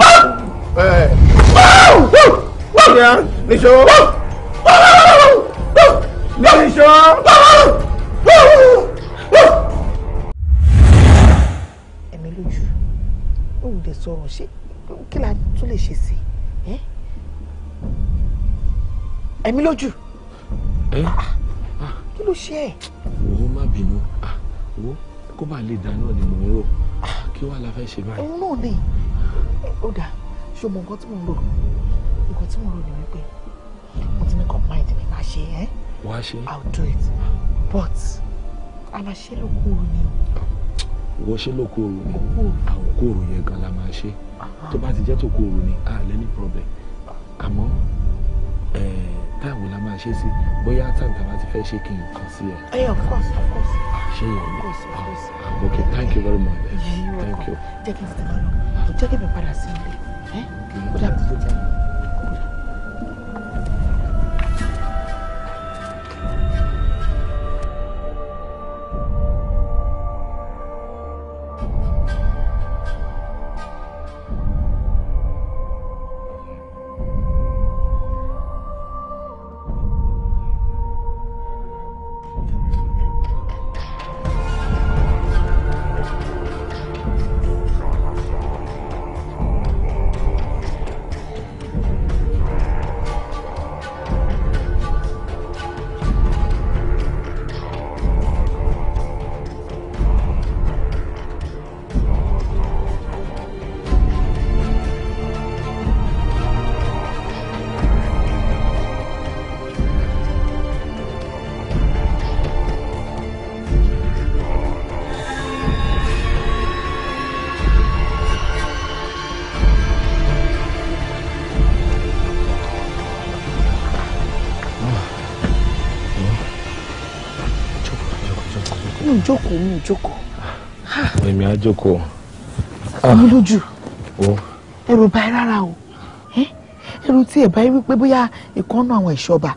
níṣó níṣó. ẹ̀mí lójú òun dẹ̀ sọ̀rọ̀ ṣé kí la tún lè ṣe sí i ẹ̀mí lójú ah, ah, kí ló ṣe ẹ̀. òun má bínú ah, wo kó bá lè dáná ni mò ń rò kí wàá la fẹ́ ṣe báyìí. òun náà ni ó dáa ṣé o mọ nǹkan tí mò ń rò nǹkan tí mò ń rò ni wípé mo ti make up mind mi máa ṣe ẹ́. wàá ṣe. I'll do it but a máa ṣe lóko òru ni o. ìwọ ṣe lóko òru ni àwọn kó òru yẹn gan la máa ṣe tó bá ti jẹ́ tó kó òru ni a lè ní problem àmọ́ ẹ̀ẹ́ báwo la máa ṣe sí bóyá tàbí àwọn ti fẹ́ ṣe kí n kàn sí ẹ. ẹ of course of course. ṣé yẹn ni ah, ah, ok thank you very much. thank you. jẹ́ kí n ti lọ jẹ́ kí mi padà sí ilé ó dàbí ó jẹ́ mi. jókòó mi ò jókòó. Ah, èmi á jókòó. àmì ah. lójú ẹrù báyìí rárá o ẹrù tí ẹ báyìí wípé bóyá ìkànnà àwọn ìṣọba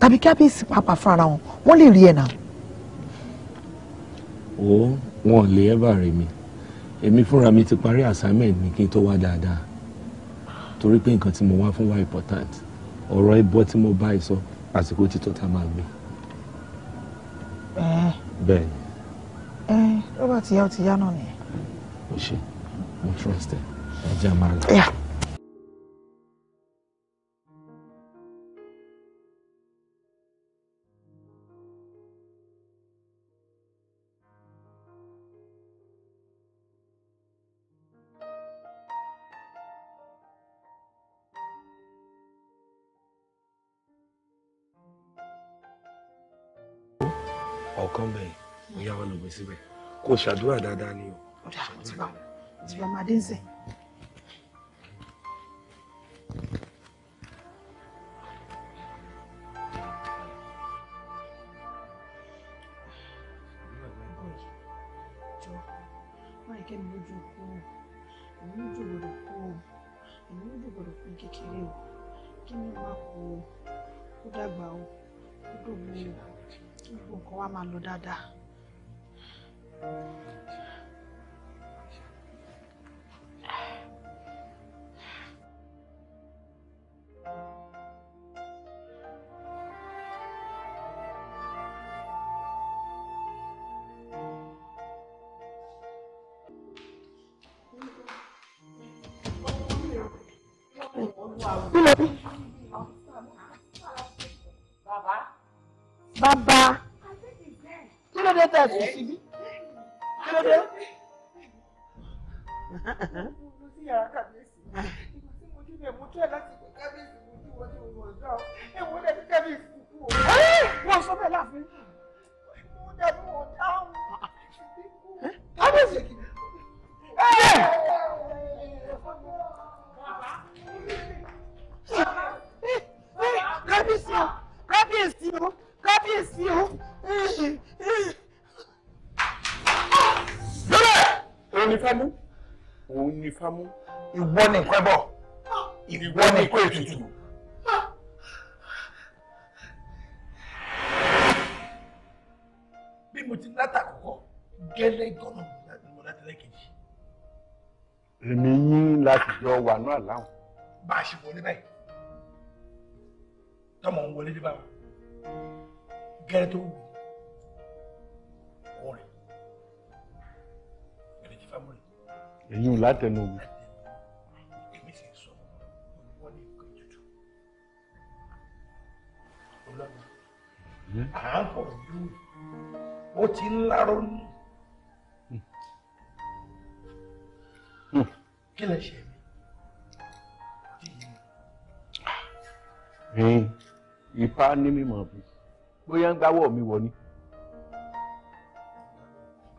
tàbí kábíyèsí pàápàá fara wọn wọn lè rí ẹ nà. o wọn lè ẹ bá rè mí èmi fúnra mi ti parí assignment mi kí n tó wá dáadáa torí pé nǹkan tí mo wá fún wa important ọ̀rọ̀ ẹbọ tí mo bá ẹ sọ àsìkò títọ́ tá a máa gbé. bẹ́ẹ̀ ni ó bá ti yá ó ti yá náà nìyẹn. o ṣe mo trust ẹ ẹ jẹ́ àmàlà. kó ṣàdúrà dáadáa ni o. ó tí wàá tí dé ń sìn Débora? ikú ètùtù. bí mo ti látàkọ́kọ́ gẹ́lẹ́ gọ́nà mo láti lẹ́kejì. èmi yín láti jọ wà náà láwọn. bá a ṣe wọlé báyìí tọmọ ń wọlé dé báwọn gẹ́rẹ́ tó wù ọ̀rẹ́ ẹ̀rẹ́ ti èyí ò látẹnu Hm? àápọ̀ ìlú ó ti ń láró nù. Hm. Hm. kí lè ṣe mí. ìfá ní mímọ̀ bí bóyá ń gbáwọ́ mi wọ ni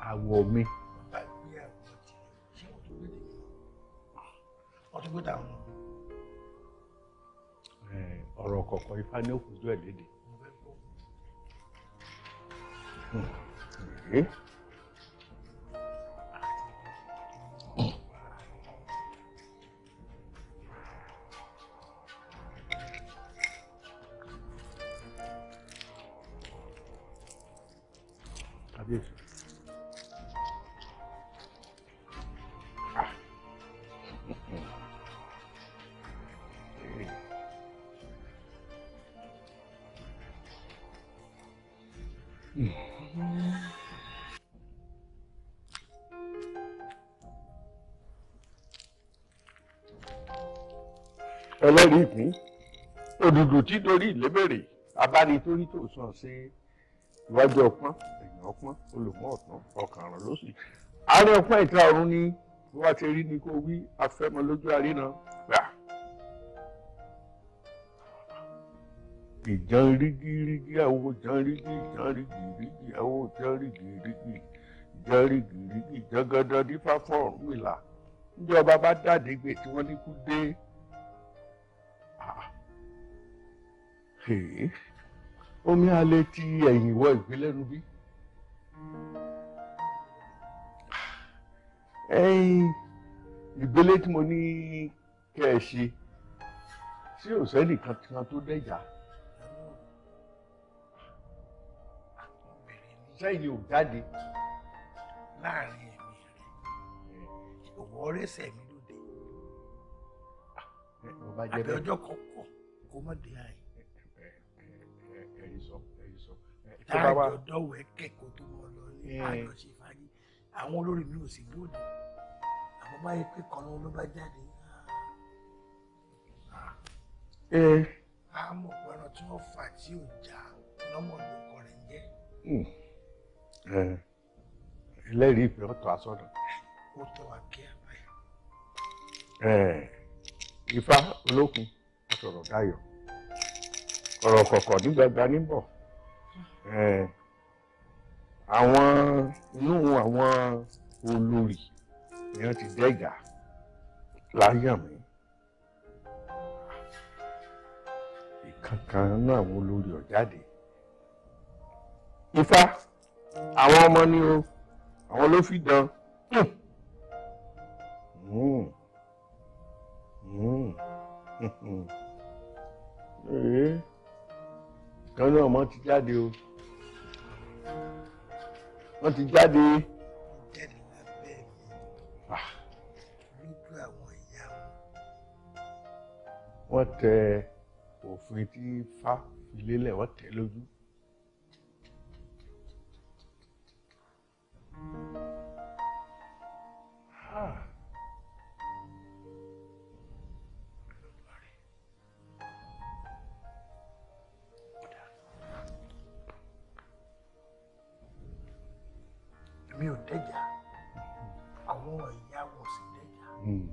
àwọ̀ mi. ọtún gbé tàwọn. ọ̀rọ̀ kọ̀ọ̀kan ifá ní òkú ojú ẹ̀ léde. 嗯。tí dorí ìlébèrè abánitórí tó sọ sí iwájú ọpọ́n ẹ̀yìn ọpọ́n olùmọ̀ ọ̀tún ọkàn ọ̀rọ̀ ló sì. àárẹ̀ ọpọ́n ìta ọ̀run ni bó bá ti rí ni kó wí afẹ́mọ lójú àríná gbà. ìjàn rígi rígi àwo ìjàn rígi ìjàn rígi rígi àwo ìjàn rígi rígi ìjàn rígi rígi ìjàn gandan dífá fún ọ̀run ìlà níjọba bá dàdégbè tí wọ́n ní kú dé. omi alẹ́ ti ẹ̀yìn wọ ìgbélẹ́nu bí. ẹ̀yìn ìgbélé tí mo ní kẹ́ ẹ ṣe tí ò sẹ́nì kankan tó dẹ̀jà. sẹ́yìn ò jáde. láàrin èmi rẹ̀ ìwọ rẹ̀sẹ̀ mi lóde. àbẹ̀ ọjọ́ kọ̀ọ̀kan kó má dé àyè sọ èyí sọ. táàjọ dọ́wọ́ ẹ kẹ́kọ̀ọ́ tó mọ̀ lọ ní àjọṣe ìfàgì àwọn olórí mi ò sì bóde àwọn bá yẹ pé kan ló bá jáde. àmọ̀ ah. pẹ̀rọ tí wọ́n fà tí ò já lọ́mọ lóko rẹ̀ ń jẹ́. Hmm. ẹlẹ́rìí ìpè ọ̀tọ̀ asọ́nà. ó tọ́ wa kí a báyìí. ifá olókun ọ̀sọ̀rọ̀ dáyọ̀ ọ̀rọ̀ kọ̀kọ̀ ní gbangba níbọ̀ àwọn inú àwọn olórí ni wọ́n ti dẹ́gà láyàmí ìkankan náà àwọn olórí ọ̀jáde ifá àwọn ọmọ ni o àwọn ló fi dán. Mm. Mm. Mm. Mm. Mm kan náà wọ́n ti jáde o wọ́n ti jáde. jáde lábẹ́ mi ah. lójú àwọn ìyá wọn. wọ́n tẹ òfin tí fá ìlélẹ̀ wọ́n tẹ lójú. Ah. èmi ò dẹ́jà àwọn ìyá wọn sì dẹ́jà hmm.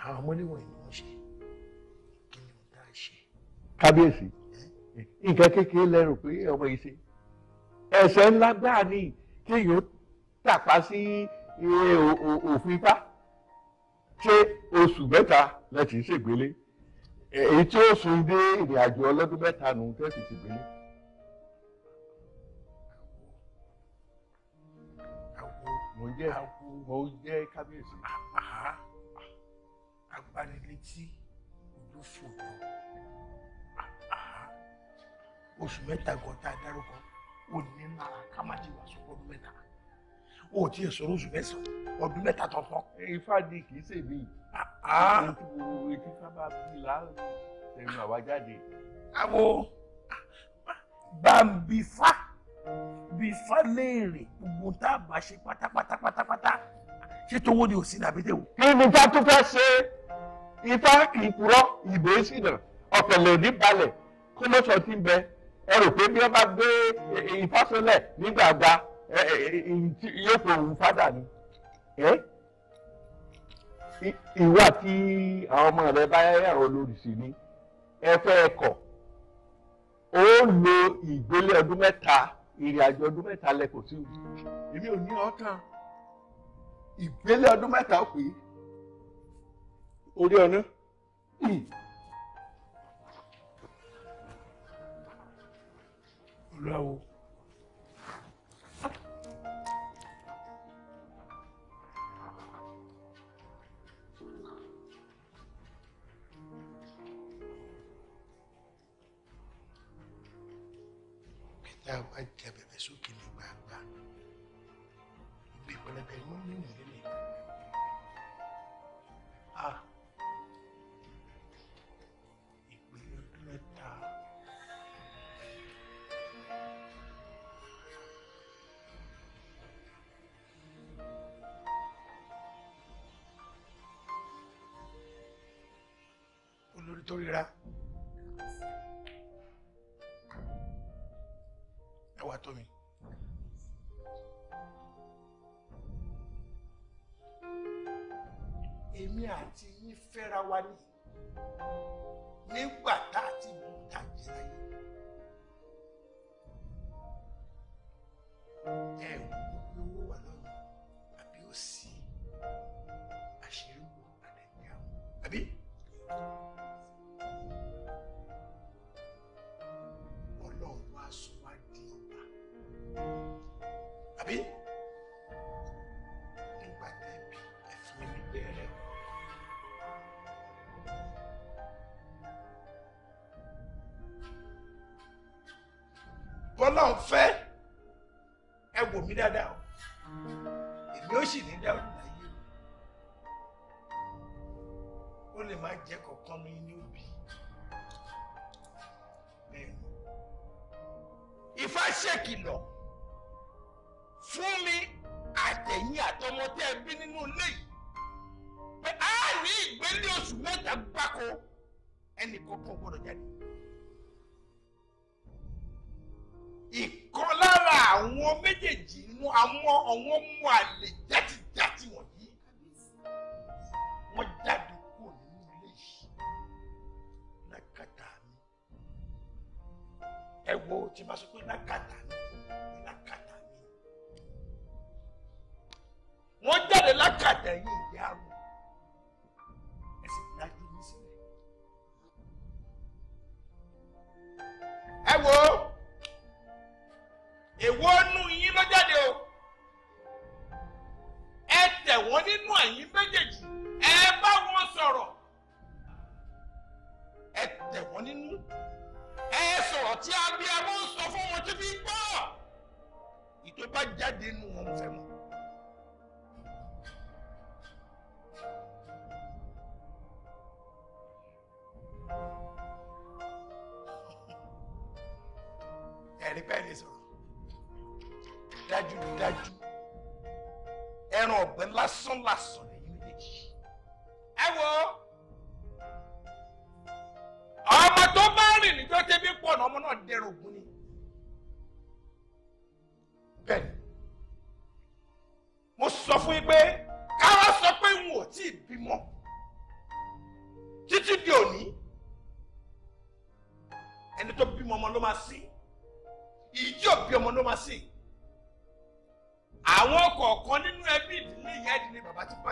àwọn ọmọdé wọ̀nyí ni wọ́n ṣe kí ni wọ́n dá ṣe. kábíyèsí nǹkan kékeré lẹ́rù pé ọmọ yìí ṣe ẹ̀ṣẹ̀ ńlá gbáà ni tí yóò tàpá sí e, òfin ipá ṣé oṣù mẹ́ta lẹ́tì í ṣègbélé èyí tí ó sùn dé ìrìn àjò ọlọ́dún mẹ́ta nù tẹ́sí ti mo jẹ́ mo jẹ́ kábíyèsí. agbanilétí ojú fò lọ oṣù mẹ́ta gan tá a dárúkọ ó ní lára ká má ti wà sọ́kọ́ ọdún mẹ́ta ó ti ẹ̀ sọ̀rọ̀ oṣù mẹ́sàn-án ọdún mẹ́ta tọ̀tọ̀. ifá di kì í ṣèbí etí sábà bí láàrín ẹnu àwájáde. àwo bambi fa bi ifá léèrè gbogbo tá a bá ṣe pátápátá pátápátá ṣé tówó ni ò sí dàbí tèwò. kí ni ká tún fẹ́ ṣe ifá kì í purọ́ ìbò ìsìnà ọ̀pẹ̀lẹ̀ ní balẹ̀ kó ló sọ ti ń bẹ ẹ rò pé bí wọ́n bá gbé ìfásọlẹ̀ nígbàgbà yóò kó òun fádà ni ìwà tí àwọn ọmọ rẹ bá yàrá olórí sí ni ẹ fẹ́ kọ̀ ó lo ìgbélé ọdún mẹ́ta ìrìn àjò ọdún mẹ́ta lẹ kò sí mi èmi ò ní ọ̀tàn ìgbélé ọdún mẹ́ta ó pè é orí ọ̀nà. olùwàwò. Yeah, I torira ẹ wá tó mi. èmi àti yín fẹ́ra wa ní nígbà tá a ti bí. mí dáadáa o èmi ó sì ní dáhùn láyé o ó lè má jẹ́ kọ̀ọ̀kan mi ní òbí bẹ́ẹ̀ ni Ifá ṣèkìlọ̀ fún mi àtẹ̀yìn àtọmọ tẹ́ ẹ bí nínú ilé yìí pé a ní ìgbélé oṣù mẹ́ta gbáko ẹnì kọ̀ọ̀kan gbọ́dọ̀ jáde ìkọlá àwọn méjèèjì nínú àwọn àwọn ọmọ àlè játijàti wọ̀nyí wọ́n jáde kúrò nínú ilé yìí lákàtà mi ẹ wo tí ma sọ pé lákàtà mi lákàtà mi wọ́n jáde lákàtà yìí ìyá wọn. èwo nú yín ló jáde o ẹ tẹ̀ wọ́n nínú ẹ̀yin méjèèjì ẹ bá wọn sọ̀rọ̀ ẹ tẹ̀ wọ́n nínú ẹ sọ̀rọ̀ tí abiyamọ sọ fún wọn tó fi gbọ́ ìtò bá jáde nínú wọn fẹ́ mọ́.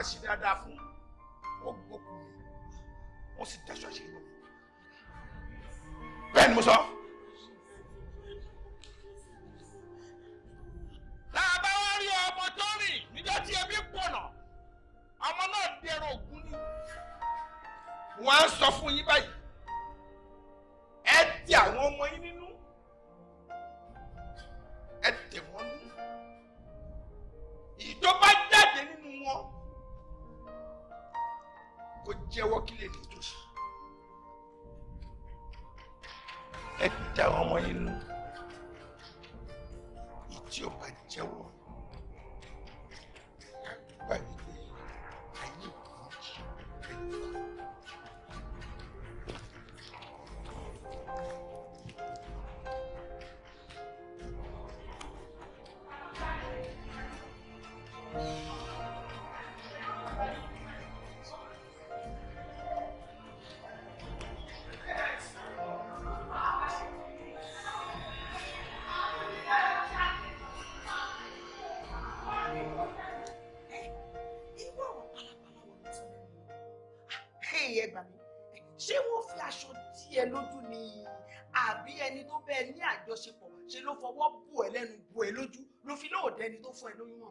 máa ṣe dáadáa fún wọn gbókù mi wọn sì daṣọ àṣírí lọ bẹ́ẹ̀ ni mo sọ. làbá wá rí ọmọ tó rìn níjọ́ tí ebi pọ̀nà ọmọ náà dẹrọ ògún ni wọ́n á sọ fún yín báyìí ẹ ti àwọn ọmọ yín. jẹ́wọ́ kí lè ní tòṣì ẹ ti já ọmọ yín nù. sọ̀rọ̀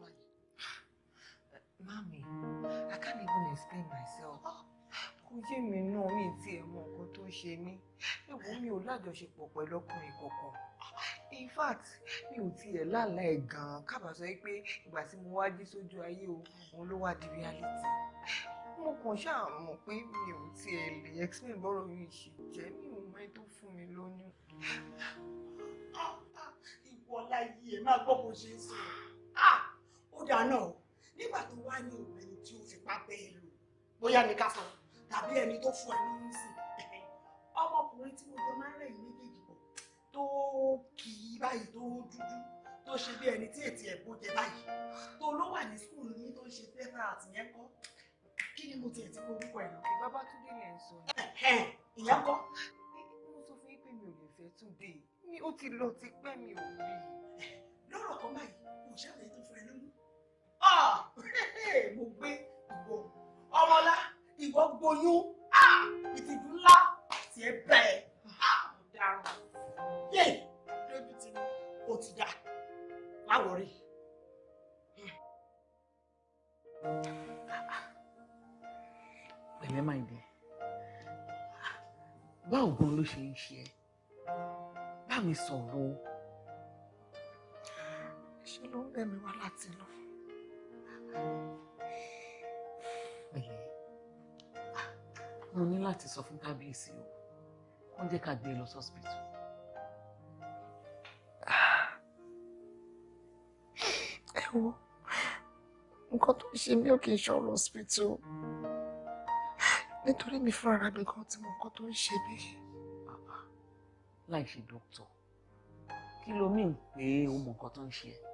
yìí. Mami, I can't even explain myself. Kò yé mi náà mi ti ẹ̀ mọ nǹkan tó ṣe mí. Ewu mi ò lájọṣepọ̀ pẹ̀lú ọkùnrin kankan. In fact, mi ò tiẹ̀ lálàá ẹ̀ gan-an kábàá sọ pé ìgbà tí mo wá jí sójú ayé òun ló wá di reality. Mo kàn ṣáà mọ̀ pé mi ò tiẹ̀ lè explain bọ́rọ̀ mi ṣì jẹ́ mi ò mọ tó fún mi lóyún. Ah, ah, ìwọ láyé ẹ̀ máa gbọ́ bó ṣe ń sọ. Ah, ó dáná o nígbà tó wá ní obìnrin tí ó fipá bẹ́ẹ̀ lò bóyá ní ká sọ tàbí ẹni tó fún ẹ lóyún sí ọmọkùnrin tí mo jọ máa ń rẹ̀ yìí méjèèjì pọ̀ tó kì í báyìí tó dúdú tó ṣe bí ẹni tí ètì ẹ̀bùn jẹ báyìí tó ló wà ní skul ní tó ń ṣe tẹ́tà àtìyẹn kọ́ kí ni mo tiẹ̀ ti forúkọ ẹ̀ lọ. Babátúndé yẹn sọ ni. ìyẹn kọ́. mo sọ fún yín pé mi ò lè fẹ́ Túndé ni lọ́rọ̀ kan báyìí mo ṣàlàyé tó fún ẹ lóyún mo gbé ìwọ ọmọlá ìwọ gboyún ah, ìtìjú ńlá ti ẹ bẹ́ẹ̀ ah, mo dáràn yé lójú ti mi ó ti dà láwọ̀ rí. pẹ̀lẹ́ máa ń dẹ̀ báwo gan ló ṣe ń ṣe ẹ́ bá mi sọ̀rọ̀ o ṣe ló ń bẹ̀ mí wá láti lọ mo ní láti sọ fún kábíyèsí o wọ́n jẹ́ ká gbé e lọ sọ́sibítù. ẹ wo nǹkan tó ń ṣe mí ò kì í ṣọ̀rọ̀ ọ̀sibítù nítorí mi fún ara mi gan tí mo nǹkan tó ń ṣe mí. láì ṣe dókítà kí ló mìíràn pé o mọ nǹkan tó ń ṣe ẹ́.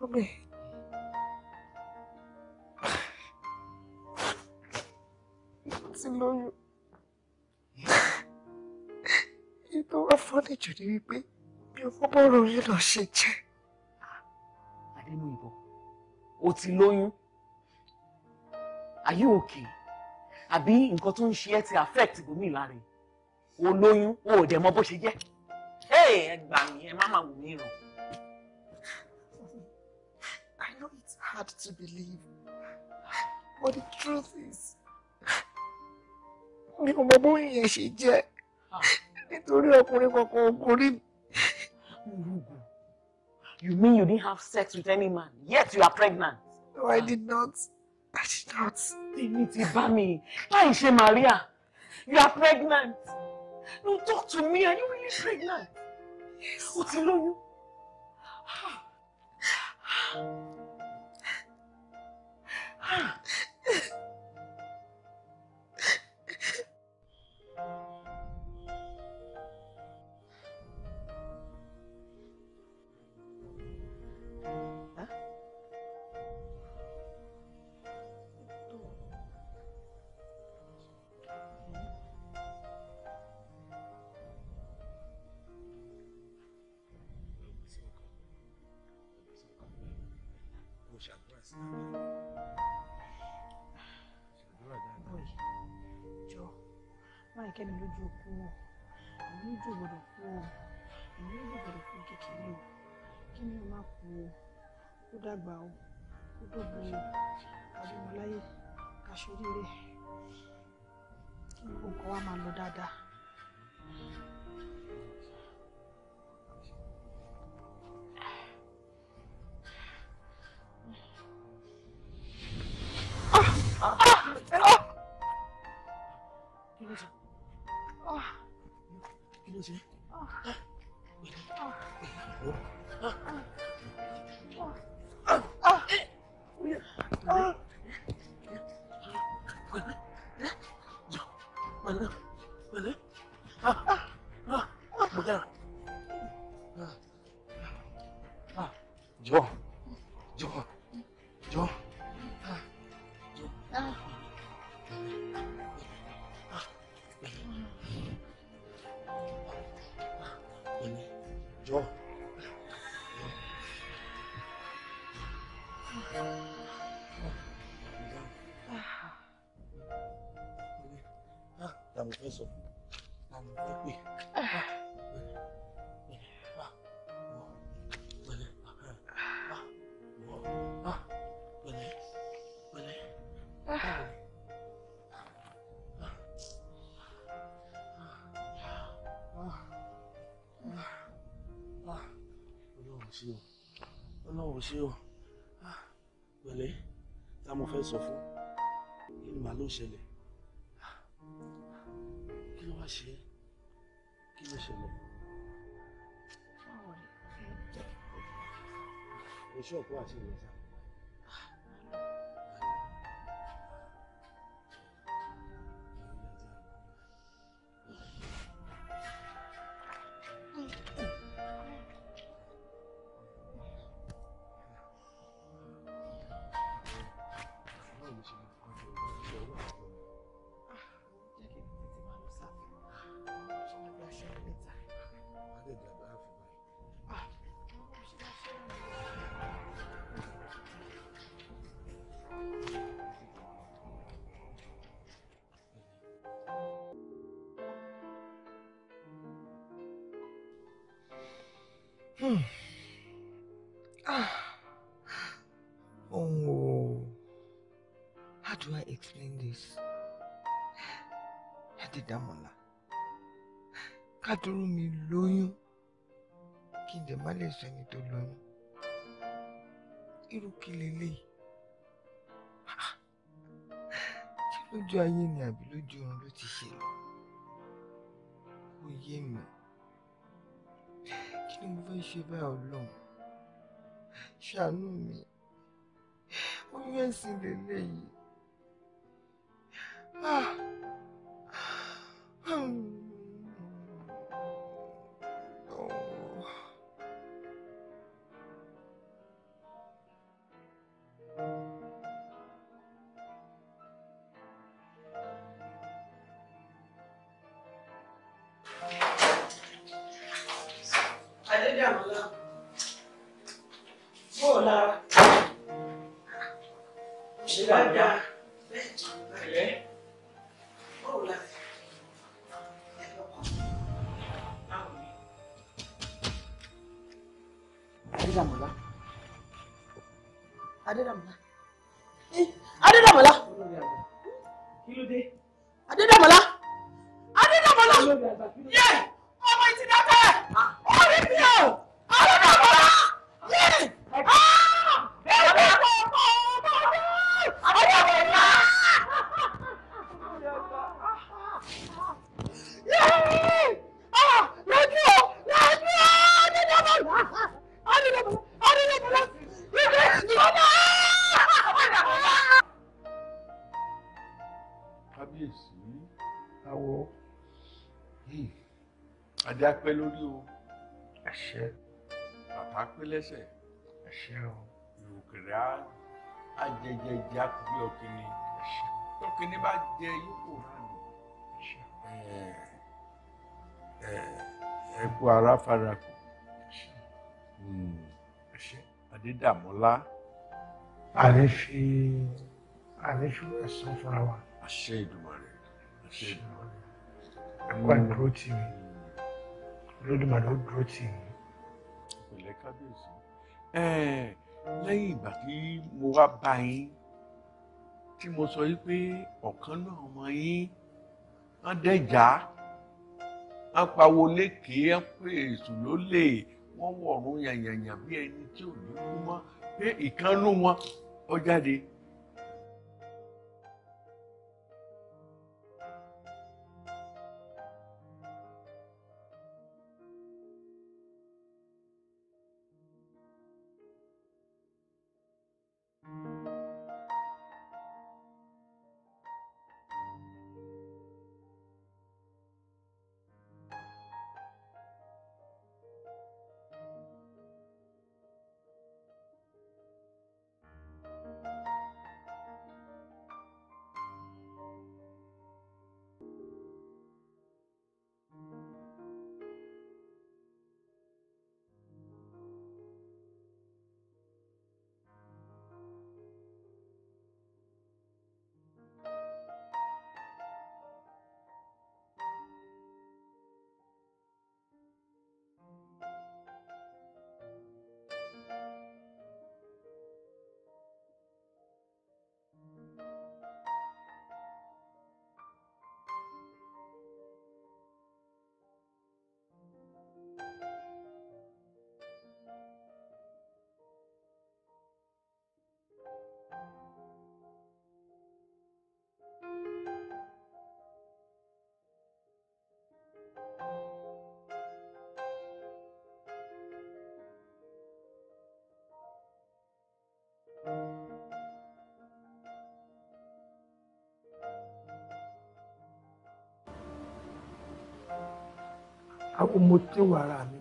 Mami. Ti lóyún. Èyí tó wá fọ́nì jù ni wípé mi ò fọ́bọ́ ọ̀rọ̀ yìí lọ ṣe jẹ́. Adénú ìbò, o ti lóyún. Are you okay? Àbí nǹkan tó ń ṣe ẹ́ ti affect bòmí lára ẹ̀? O lóyún, o ò dẹ̀ mọ bó ṣe jẹ́. Ẹ gbà mí, ẹ má máa wù mí ràn. hard to believe. But the truth is, mi ò mọ bóyá yẹn ṣe jẹ́ nítorí ọkùnrin kankan ọkùnrin. You mean you didn't have sex with any man, yet you are pregnant? No, I did not. I did not. Èmi ti bá mi. Láì ṣe Maria, you are pregnant. No, talk to me. Are you really pregnant? Yes. O ti lóyún. That's not what I want. Boy, jọ, má yẹ kẹ́mi lójú okú o, èmi lójú gbọ́dọ̀ kú o, èmi lójú gbọ́dọ̀ kú kékeré o, kí ni o má wa máa lọ dáadáa. 啊！别呀！电动车，啊！电动车。ṣe o ọlọ́run ṣe o ah, pẹ̀lẹ́ tá mo fẹ́ sọ fún kí ni màá ló ṣẹlẹ̀ ah, kí ló wá ṣe é kí ló ṣẹlẹ̀. oṣù ọ̀pọ̀ àti ìrẹsà. kádúró mi lóyún kí n dẹ̀ má lè sẹ́ni tó lóyún irú kí leléyìí ṣé lójú ayé ni àbí lójú ọ̀run ló ti ṣe lọ yé mi kí ni mo fẹ́ ṣe báyìí ọlọ́run ṣàánú mi oyún ẹ̀sìn leléyìí ah. pẹ́ lórí o àṣẹ bàtà pé lẹ́sẹ̀ àṣẹ o ìrùkẹ̀rẹ̀ á jẹjẹ jẹ àkùbí ọ̀kìnrin àṣẹ ọ̀kìnrin bá jẹ yípo náà nù àṣẹ ẹ kú ara fara kù àṣẹ hmm. Adédàmọ́lá. àlẹ́ fi àlẹ́ fi ẹ̀sán fúnra wa. àṣẹ Èdùmàrè àṣẹ Èdùmàrè. ẹ kú àìdúró tì mí olódùmarè ó dúró tì í. ìpìlẹ̀ kábíyèsí lẹ́yìn ìgbà tí mo wá bá yín tí mo sọ yìí pé ọ̀kan náà ọmọ yín wọ́n dẹ̀já wọ́n pawó lékè wọ́n pè èsù lólè wọ́n wọ̀rùn yànyànyàn bí ẹni tí ò ní kú mọ́ pé ìkànnú wọn ó jáde umuti warambye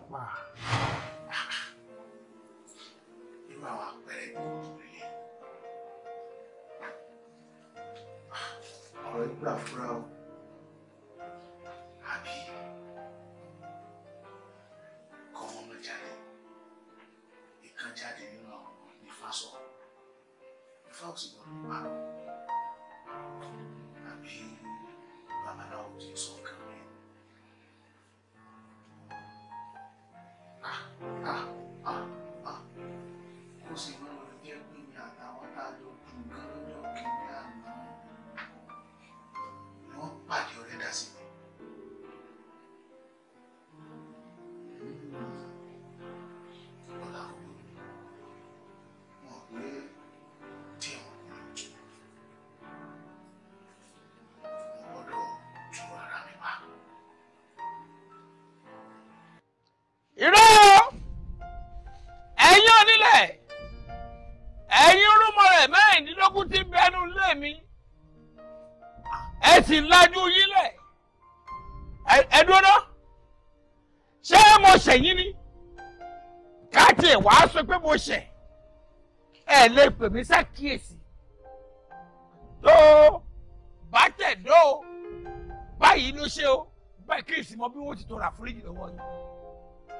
mẹ́rìndínlógún ti bẹnu lé mi ẹ sì lajú yín lẹ̀ ẹ dúró ṣé mo ṣẹ̀yìn ni káàtì wàá sọ pé mo ṣẹ̀ ẹ lè pè mí ṣàkíyèsí tó bá tẹ̀dọ́ báyìí ló ṣe o báyìí kí ìsìnmọ́ bí wọ́n ti tọrọ àforíjì lọ́wọ́ yìí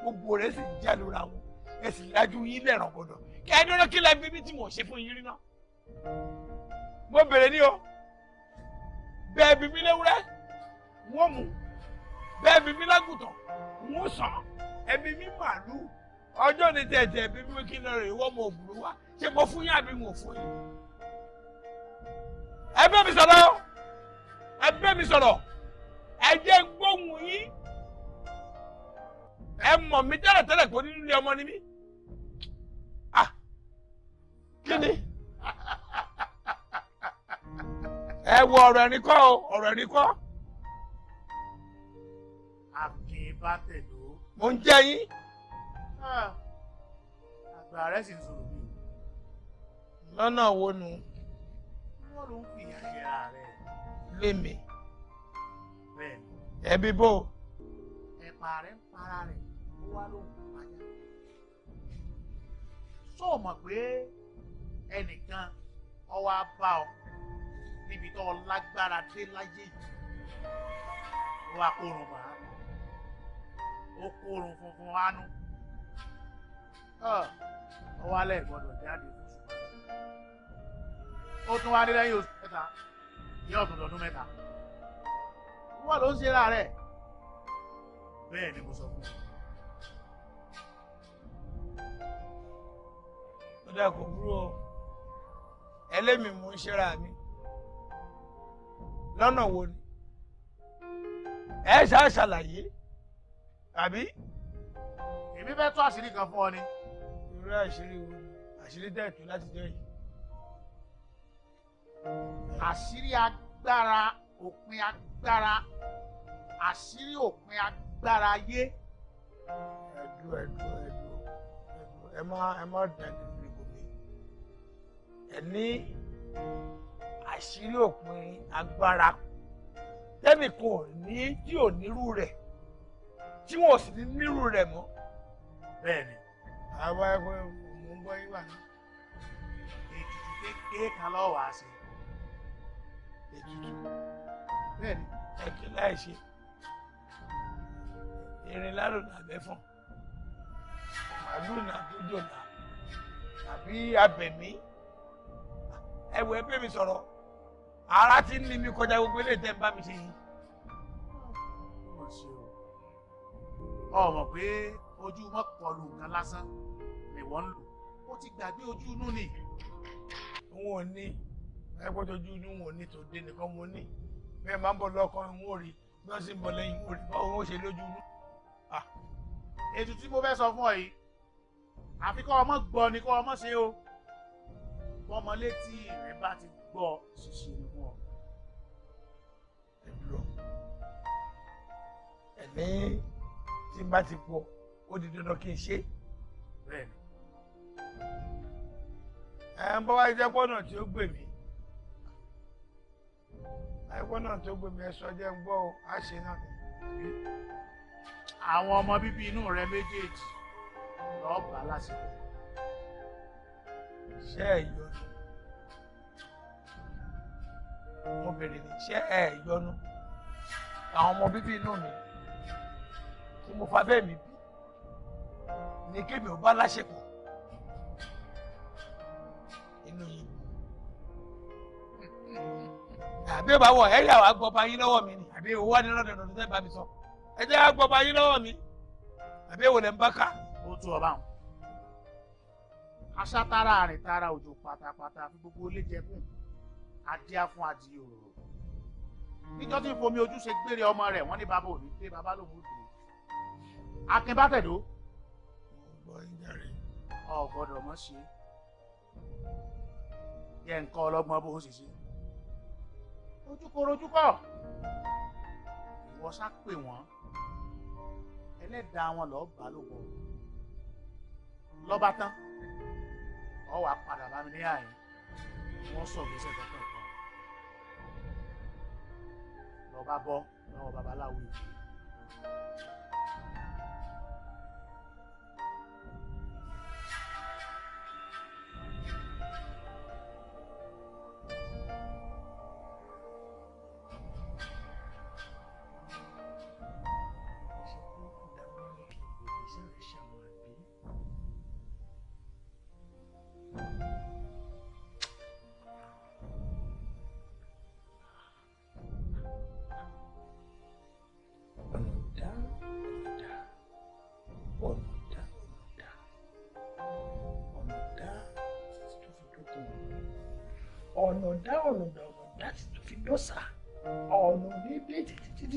gbogbo rẹ̀ sì ń jẹ́ lóra wọn ẹ sì lajú yín lẹ̀ ràn gbọ́dọ̀ kí ẹ dúró kí lẹ bíbí tí mò ń ṣe fún yín rí náà mo bèrè ní o bẹ́ẹ̀ bí mi léwúrẹ́ n ó mú bẹ́ẹ̀ bí mi lágùtàn n ó sàn ẹbí mi màlúù ọjọ́ ní tẹ̀tẹ̀ ẹbí mi kí n lọ rè wọ́n mo òbúrú wá ṣé mo fún yín àbí mo fún yín. ẹ bẹ́ mi sọ̀rọ̀ ẹ bẹ́ mi sọ̀rọ̀ ẹ jẹ́ gbóhùn yín ẹ mọ̀ mí tẹ́lẹ̀ tẹ́lẹ̀ kò ní nílé ọmọ ni mí. Ah! kí ni. ẹ wo ọ̀rọ̀ ẹ̀rín kọ́ o ọ̀rọ̀ ẹ̀rín kọ́. àkè bá tẹ̀dó. mo ń jẹ́ yín. Ah, àgbà rẹ̀ sì ń sọ̀rọ̀ bí. lọ́nà wo nu. wọ́n ló ń fi ìyá ṣẹra lémi. bẹ́ẹ̀ni. ẹbí bò. ẹ̀pà rẹ̀ ń para rẹ̀ ó wá ló ń pàjá. sọ mọ̀ pé ẹnìkan ọwọ́ á bá ọ níbi tó lágbára dé láyé yìí ó wá kórun bá ó kórun funfun hánú ah, ó wá lẹ́ẹ̀ gbọ́dọ̀ jáde lóṣù ó tún wá dé lẹ́yìn oṣù mẹ́ta ní ọ̀tún ọdún mẹ́ta wọ́n ló ń ṣe ra bẹ́ẹ̀ ni mo sọ fún un. ó dà kó burú o ẹlẹ́mìí mò ń ṣera mi lọ́nà wo ni ẹ ṣáà ṣàlàyé àbí. èmi fẹ́ tó àṣírí kan fún ọ ni. irú àṣírí wo àṣírí dẹ̀tún láti jẹ́ yìí. àṣírí agbára òpin agbára àṣírí òpin agbára yé. ẹ̀dù ẹ̀dù ẹ̀dù ẹ̀dù ẹ má ẹ má dàgbé gbogbo mi ẹ ní àṣírí òpin agbára tẹ́nìkan ò ní tí ò nírú rẹ̀ tí wọn ò sì ní nírú rẹ̀ mọ́. bẹ́ẹ̀ni àwọn ẹgbẹ́ mò ń gbọ́ yín wà ní ètùtù kékeré kan lọ́wọ́ àṣẹ ètùtù bẹ́ẹ̀ni ẹkẹ láìṣe irin láròdà bẹfọn màdúnà àbújọdà àbí abẹmí ẹwẹ bẹmí sọ̀rọ̀ ara ti ń ni mi kọjá gbogbo ilé tẹ́ ń bá mi ṣe yìí. ọmọ pé ojú mọ́kànlù nǹkan lásán ni wọ́n ń lò ó ti gbàgbé ojú inú ni. wọn ò ní ẹgbẹ́jọ ojú inú wọn ò ní tó dé nìkan mo ní bẹ́ẹ̀ máa ń bọ̀ lọ́kọ́ wọn ò rí bí wọ́n sì ń bọ̀ lẹ́yìn wọn ò rí báwo wọn ò ṣe lójú inú. ètò tí mo fẹ́ sọ fún ọ yìí àfi kọ́ ọmọ gbọ́ ni kọ́ ọmọ ṣe o wọ́n mọ létí rẹ̀ bá ti gbọ́ ṣíṣe ni. ní tí bá ti pọ̀ ó di dandan kí n ṣe bẹ́ẹ̀ ni. ẹ ń bọ́ wá jẹ́ pọ́nà tí ó gbè mí àìpọ́nà tó gbè mí ẹ jẹ́ ń gbọ́ ọ á ṣe náà ni. àwọn ọmọ bíbí inú rẹ méjèèjì lọ́ọ́ bá lásìkò. ṣé ẹ mo bèrè ní ṣé ẹ àwọn ọmọ bíbí inú mi tí mo fa bẹ́ẹ̀ mi bí ni kémi ò láṣepọ̀ inú yìí àbí ìbá wọ ẹ̀rí àwọn agbọba yín lọ́wọ́ mi ni àbí ìwọ ni lọ́dọ̀ lọ́dọ̀ tẹ́ bá mi sọ ẹ jẹ́ agbọba yín lọ́wọ́ mi àbí ìwọ lẹ́ ń bá ká. ó tú ọba àwọn aṣátara àrìn tara òjò pátápátá fún gbogbo ilé jẹkùn adíá fún adìyẹ òróró níjọ́ tí fomi ojú ṣe gbére ọmọ rẹ̀ wọ́n ní bàbá òní pé bàbá lòun ò dùn Akin Bátẹ̀dó. Mo gbọ́ ìjàre. Ọ gbọ́dọ̀ mọ̀ ṣe. Yẹ nǹkan ọlọ́gbọ́n bó ń ṣe ṣe. Ojúkọ rojúkọ. Ìwọ sá pè wọ́n. Ẹlẹ́dàá wọn lọ bá lóko. Lọ́ba tán. Ọ wà padà bá mi ní àyè. Wọ́n sọ gbèsè kankan kan. Lọ́ba bọ́ lọ́wọ́ babaláwo yìí.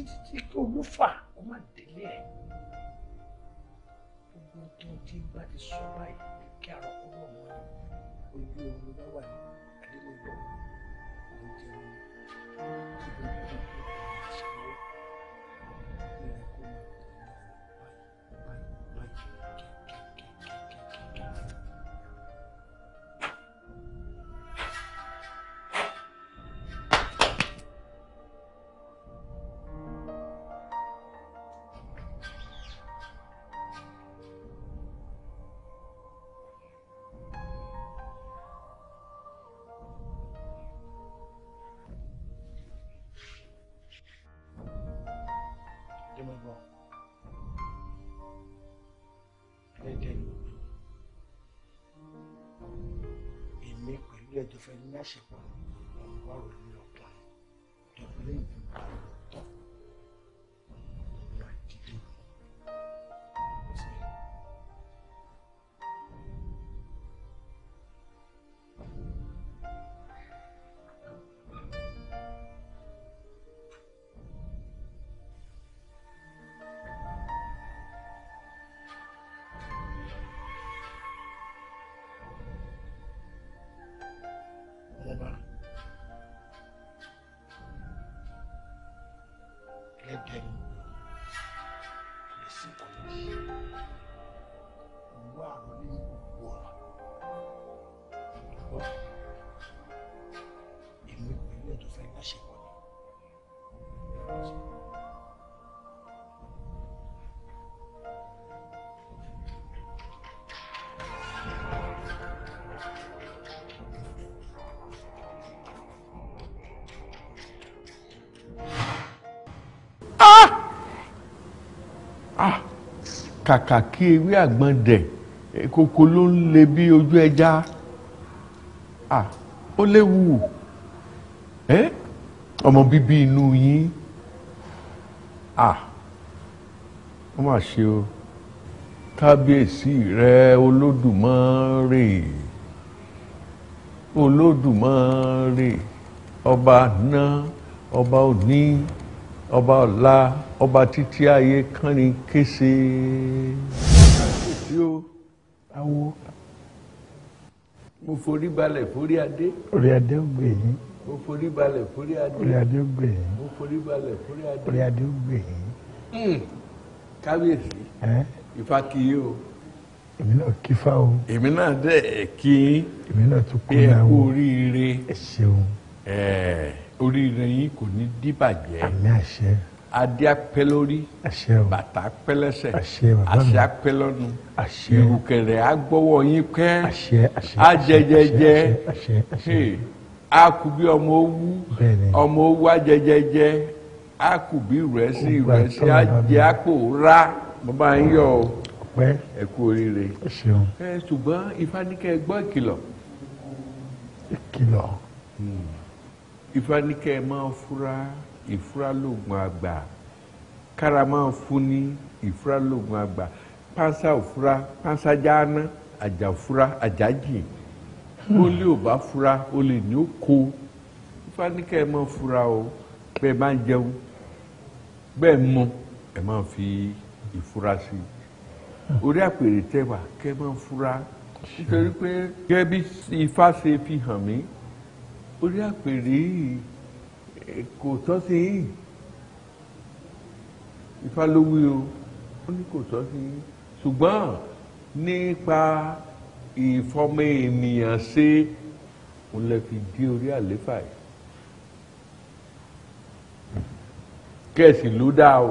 títí tí kí olúfà kó má délé ẹ̀ gbogbo tó ti bá ti sọ báyìí kí àròkọ rọ̀ mọ́ ojú omi bá wà ní adébóyọ̀ ló ti rí i. different worship wọn. kàkà kí ewé àgbọn dẹ̀ kókó ló ń le bí ojú ẹja ó léwu ọmọ bíbí inú yín ó mà ṣe o kábíyèsí rẹ olódùmarè olódùmarè ọba náà ọba òní ọba ọ̀la ọba títí ayé kánrin kése. àṣetí o awo mo forí balẹ̀ forí adé. orí adé ò gbè yín. mo forí balẹ̀ forí adé. orí adé ò gbè yín. mo forí balẹ̀ forí adé. orí adé ò gbè yín. Hmm, kábíyèsí ìfà kì í o èmi náà kí fá o. èmi náà dẹ̀ kí. èmi náà tún kúnlẹ̀ o. ẹ kú oríire. ẹ ṣeun. ẹ̀ẹ́ oríire yín kò ní díbàjẹ́. àmín àṣẹ. adé apẹ́ lórí. àṣẹ o bàtà apẹ́ lẹ́sẹ̀. àṣẹ bàbá mi àṣẹ apẹ́ lọ́nu. àṣẹ ìrùkẹ̀rẹ̀ agbọ́wọ́ yín pẹ́. àṣẹ àṣẹ ajẹjẹjẹ. àṣẹ àṣẹ akú bí ọmọ owú. bẹ́ẹ̀ni ọmọ owú ajẹjẹjẹ akú bí ìrẹsì ìrẹsì ajẹ àpò rà bàbá yín yọ o. ọpẹ́ ẹ kú oríire. ẹ ṣeun. ẹ ṣùgbọ́n ifá ní kẹ́ ẹ gbọ́ ìkìlọ̀. ìkìlọ̀. Hmm. Ifá ní kẹ́ ẹ máa fura ìfura lóògùn àgbà kára máa fún ní ìfura lóògùn àgbà pánsá òfura pánsá jáná àjàfura àjájìn ó lé ò bá fura ó lè ní ó kó Ifá ní kẹ́ ẹ máa fura o bẹ́ẹ̀ máa jẹun bẹ́ẹ̀ mu ẹ máa fi ìfura sí i orí àpèrè tẹ́wà kẹ́ ẹ máa fura nítorí pé gẹ́gẹ́ Ifá ṣe fi hàn mí orí àpèrè kò tọ́ sí yín Ifá ló wí o ó ní kò tọ́ sí yín ṣùgbọ́n nípa ìfọmọ ènìyàn ṣe òun lè fi dí orí àléfà yìí kẹ̀sì ló dáa o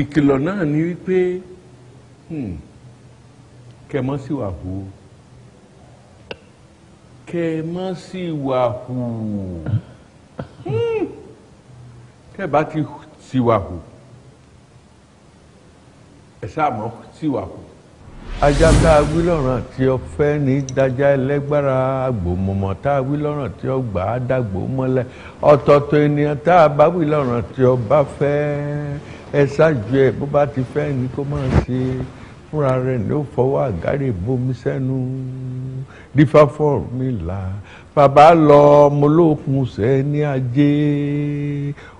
ìkìlọ̀ náà ni wípé hmm, kẹmọ́ sí wà hù o kẹ́ ẹ má sì wà hù kẹ́ hmm. ẹ bá ti sì wà hù ẹ sáàmọ́ sì wà hù. ajá tá a wí lọ́ràn tí ó fẹ́ ní dájá ẹlẹ́gbára àgbòmọ̀mọ̀ tá a wí lọ́ràn tí ó gbà á dàgbò mọ́lẹ̀ ọ̀tọ̀ọ̀tọ̀ ènìyàn tá a bá wí lọ́ràn tí ó bá fẹ́ ẹ ṣáájú ẹ bó bá ti fẹ́ ni kó máa ṣe fúnra rẹ̀ ní fọwọ́ àgárè bomi sẹ́nu dífá fọ́ọ̀mìlà bàbá lọ ọmọ olókun sẹ́ni ajé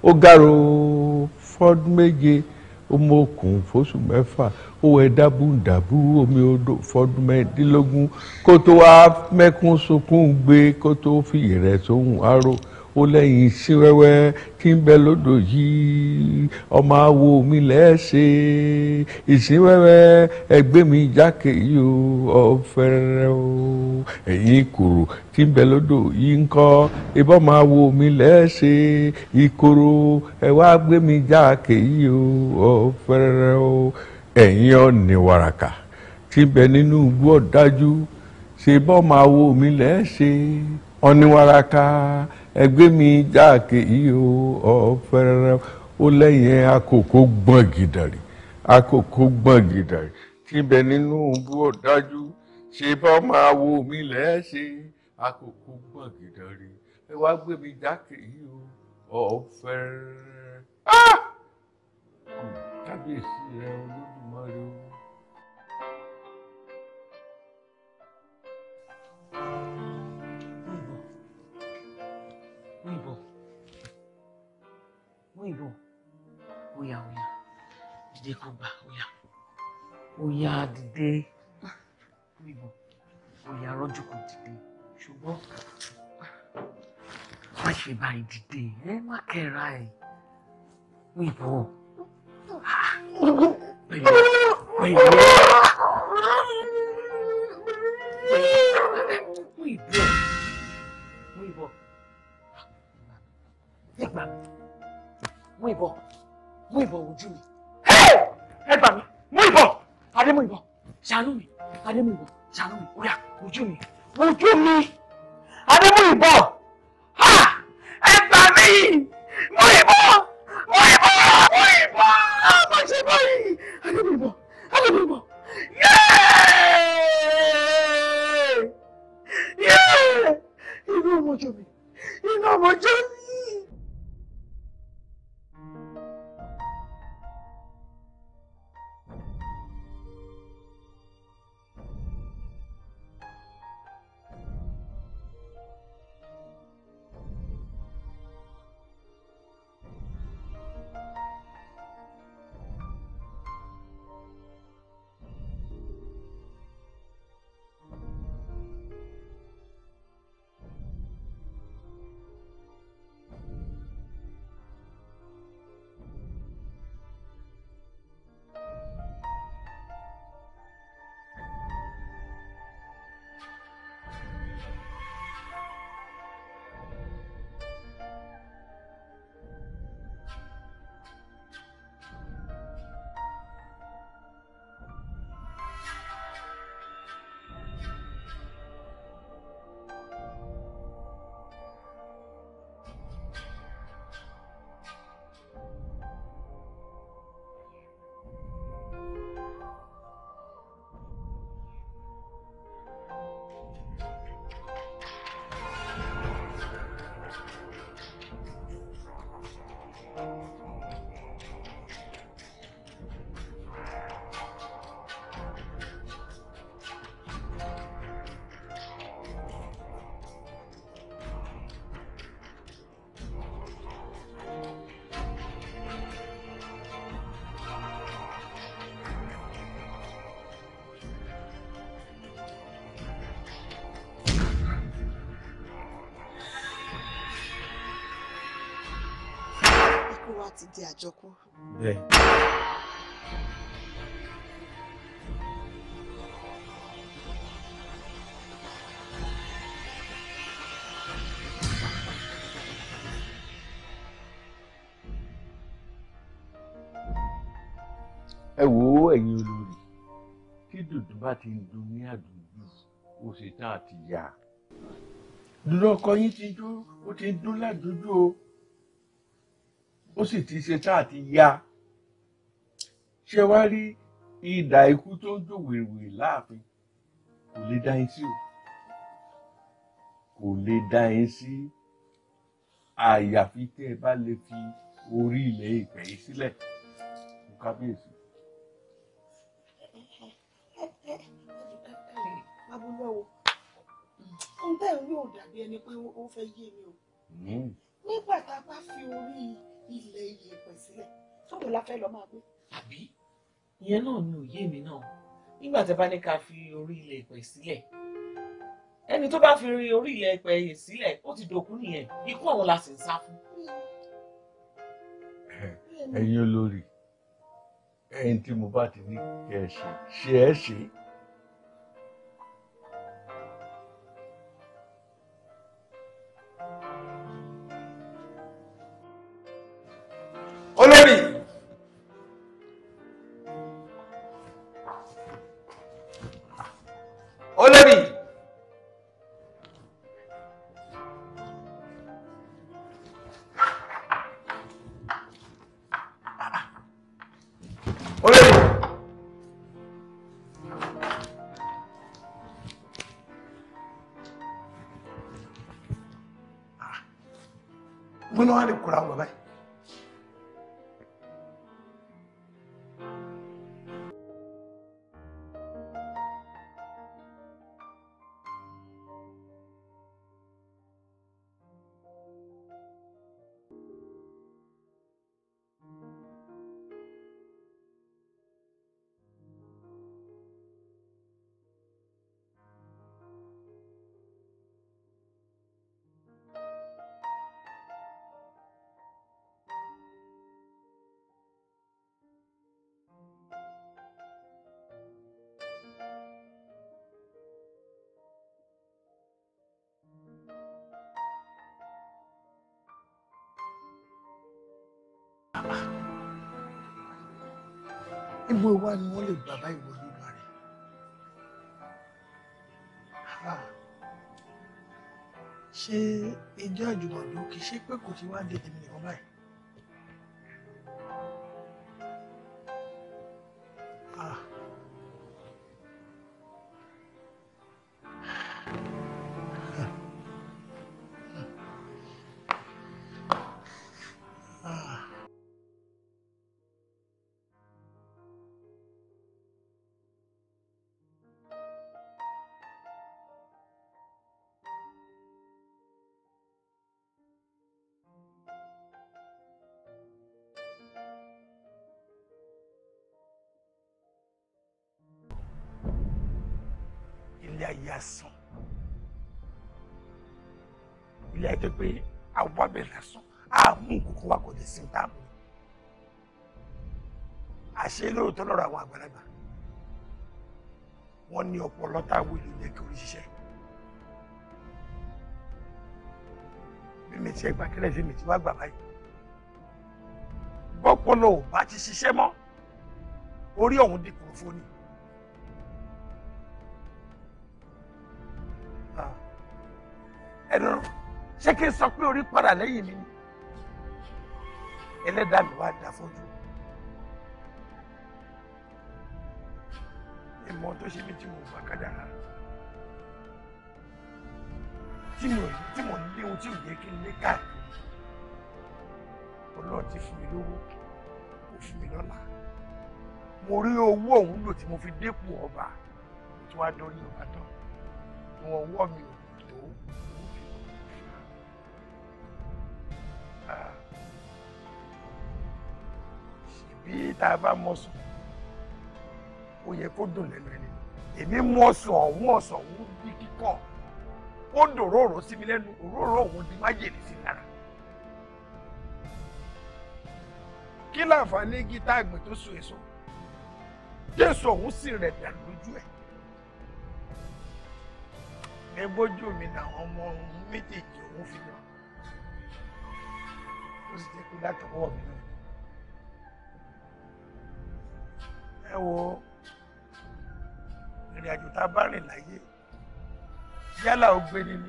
ó gàrò fọ́dún méje ọmọ òkun fóṣù mẹ́fà ó wẹ dábùdàbù omi odò fọ́dún mẹ́ẹ̀ẹ́dínlógún kó tó wá mẹ́kún sunkún gbé kó tó fìyẹ̀rẹ̀ sóhun aró ó lẹ́yìn sí wẹ́wẹ́ tí ń bẹ lódò yìí ọmọ awo mi lẹ́ẹ̀ṣẹ̀ ìsín wẹ́wẹ́ ẹgbẹ́ mi jákè yìí o ọ̀fẹ́rẹ́ o ẹ̀yìn ìkòrò tí ń bẹ lódò yìí ń ìbọn ọmọ awo mi lẹ́ẹ̀ṣẹ̀ ìkòrò ẹ̀wá gbé mi jákè yìí o ọ̀fẹ́rẹ́ o ẹ̀yìn ọ̀nì wàràkà tí ń bẹ nínú igbó ọ̀dájú ṣe bọ́ ọmọ awo mi lẹ́ẹ̀ṣẹ̀ ọ̀nì wàràkà ẹgbẹ́ mi jáàkì yìí ó ọ̀fẹ́rẹ́rẹ́ ó lẹ́yìn àkókò gbọ̀n gìdàrí àkókò gbọ̀n gìdàrí tíbẹ̀ nínú bú ọ̀dájú ṣe bá máa wo mi lẹ́ẹ̀ṣẹ̀ àkókò gbọ̀n gìdàrí ẹ wá gbé mi jáàkì yìí ó ọ̀fẹ́rẹ́rẹ́ ah! kò mú ìbò oya oya dìde kan gbà oya oya dìde mú ìbò oya rọ́jú kan dìde ṣùgbọ́n má ṣe báyìí dìde ẹ má kẹ́ra ẹ mú ìbò pẹ̀lú pẹ̀lú mú ìbò mú ìbò nígbà mú ìbọn mú ìbọn ojú mi ẹ gbà mí mú ìbọn adé mú ìbọn ṣàánú mi adé mú ìbọn ṣàánú mi orí ojú mi ojú mi adé mú ìbọn ẹ gbà mí mú ìbọn mú ìbọn mú ìbọn ọmọ ṣe báyìí adé mú ìbọn adé mú ìbọn yéé yéé inú ọmọ ojú mi inú ọmọ ojú mi. ẹ wò ó ẹ̀yin olórí kí dùdú bá ti ń dun ní àdúgbò ó ṣe tán àti yá dùdú ọkọ yín ti dún ó ti dún ládùúgbò ó sì ti ṣe tán àti yá ṣé wá rí idà ikú tó ń jò wèrèwèrè láàfin kò lè dá yín sí o kò lè dá yín sí àyàfi tẹ́ ẹ bá lè fi orí ilẹ̀ ìfẹ́ yìí sílẹ̀ fún kábíyèsí. babaláwo ohun tẹ́ ń rí ò dàbí ẹni pé ó fẹ́ yé mi o hmm. nígbà tá a bá fi orí ilẹ̀ iyẹ̀pẹ̀ sílẹ̀ sọ́dọ̀ la fẹ́ lọ máa gbé. àbí ìyẹn náà ni òye mi náà nígbà tá a bá ní ká fi orí ilẹ̀ iyẹ̀pẹ̀ sílẹ̀ ẹni tó bá fi orí ilẹ̀ iyẹ̀pẹ̀ sílẹ̀ ó ti dòkú nìyẹn ikú ọ̀hún la sì ń sá fún. ẹ̀yin olórí ẹ̀yin tí mo bá ti ní kẹ́ ẹ ṣe ṣe ẹ ṣe. gbóná wá lè kóra ibo wa ni wọ́n lè gbà báyìí wọlé lọ rẹ̀ ṣé ìjọ àjùmọ̀dún kì í ṣe pé kò ti wá dé tèmi nìkan báyìí. ilé ayé asán ilé ayé pé àwa bẹ̀rẹ̀ asán àmú kókó wa kò lè sin táàmù àṣẹ lóòótọ́ lọ́rọ̀ àwọn àgbàlagbà wọ́n ní ọpọlọ táwọn èlò yẹ kí orí ṣiṣẹ́ mímì tí ẹgbà kílẹ̀ fi mì tí wàá gbà báyìí bọ́pọlọ ò bá ti ṣiṣẹ́ mọ́ orí ọ̀hún dìkùn fún ni. ẹnu ṣé kí n sọ pé orí padà lẹ́yìn mi ni ẹlẹ́dàá mi wá dá fojú ìmọ̀ tó ṣe mí tí mo bá kádàrá tí mo tí mo léwu tí ò yẹ kí n lé káàkiri ọlọ́run ti fún mi lówó kò fún mi lọ́lá mo rí owó òun lò tí mo fi dépò ọba tí wàá dórí ọba tán ìwọ̀n ọwọ́ mi ò bí tá a bá mọ sùn ó yẹ kó dùn lẹ́nu ẹni èmi mọ sùn ọ̀hún ọ̀sán ọ̀hún bí kíkọ́ ó dòróró sí mi lẹ́nu òróró ọ̀hún di májèlé sí lára. kí láǹfààní igi tá àgbẹ̀ tó so èso jésù ọ̀hún sì rẹ̀ dà lójú ẹ̀. ẹ bójú mi làwọn ọmọ méjèèjì òun fi hàn ó sì jẹ́ pé látọwọ́ mi náà. ẹ wo ìrìn àjò tá a bá rìn láyé yálà ó gbé nínú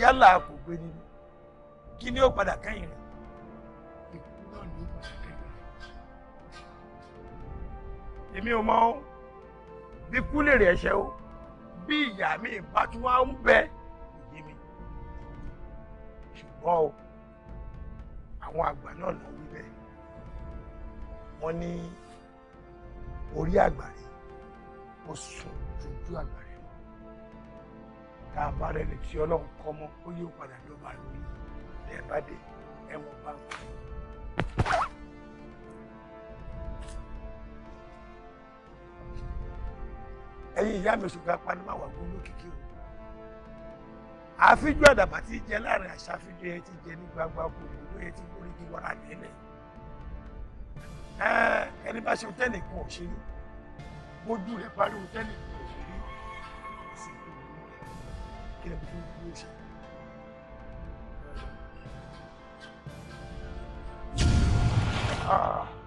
yálà kò gbé nínú kí ni ó padà kẹ́yìn rẹ̀ ikú náà ni ó padà kẹ́yìn rẹ̀ èmi ò mọ bí kú lè rè ẹ̀ṣẹ̀ o bí ìyá mi bá tún wá ń bẹ ìyí mi ṣùgbọ́n o àwọn àgbà náà lọ wí bẹ́ẹ̀ wọ́n ní orí àgbàre ó sùn jújú àgbàre lọ tá a bá rẹ lè tí ọlọ́run kọ́ mọ́ ó yí padà ló bá lò ní ẹ̀ bá dé ẹ̀wọ̀n bá ń kú. ẹ̀yin ìyá mi ṣùgbọ́n apanimọ̀ wà gbọ́n lókìkí o àfijọ́ àdàbà ti jẹ láàrin àṣà àfijọ́ yẹn ti jẹ ní gbagba gbogbo yẹn ti gbóríkì wọ́n rà nílẹ̀ ẹni bá ṣe tẹ́nì kan òṣèré bójú rẹ̀ pariwo tẹ́nì kan òṣèré sí ìlú rẹ̀ kí lẹ́bi tó dúró ṣe. Ah.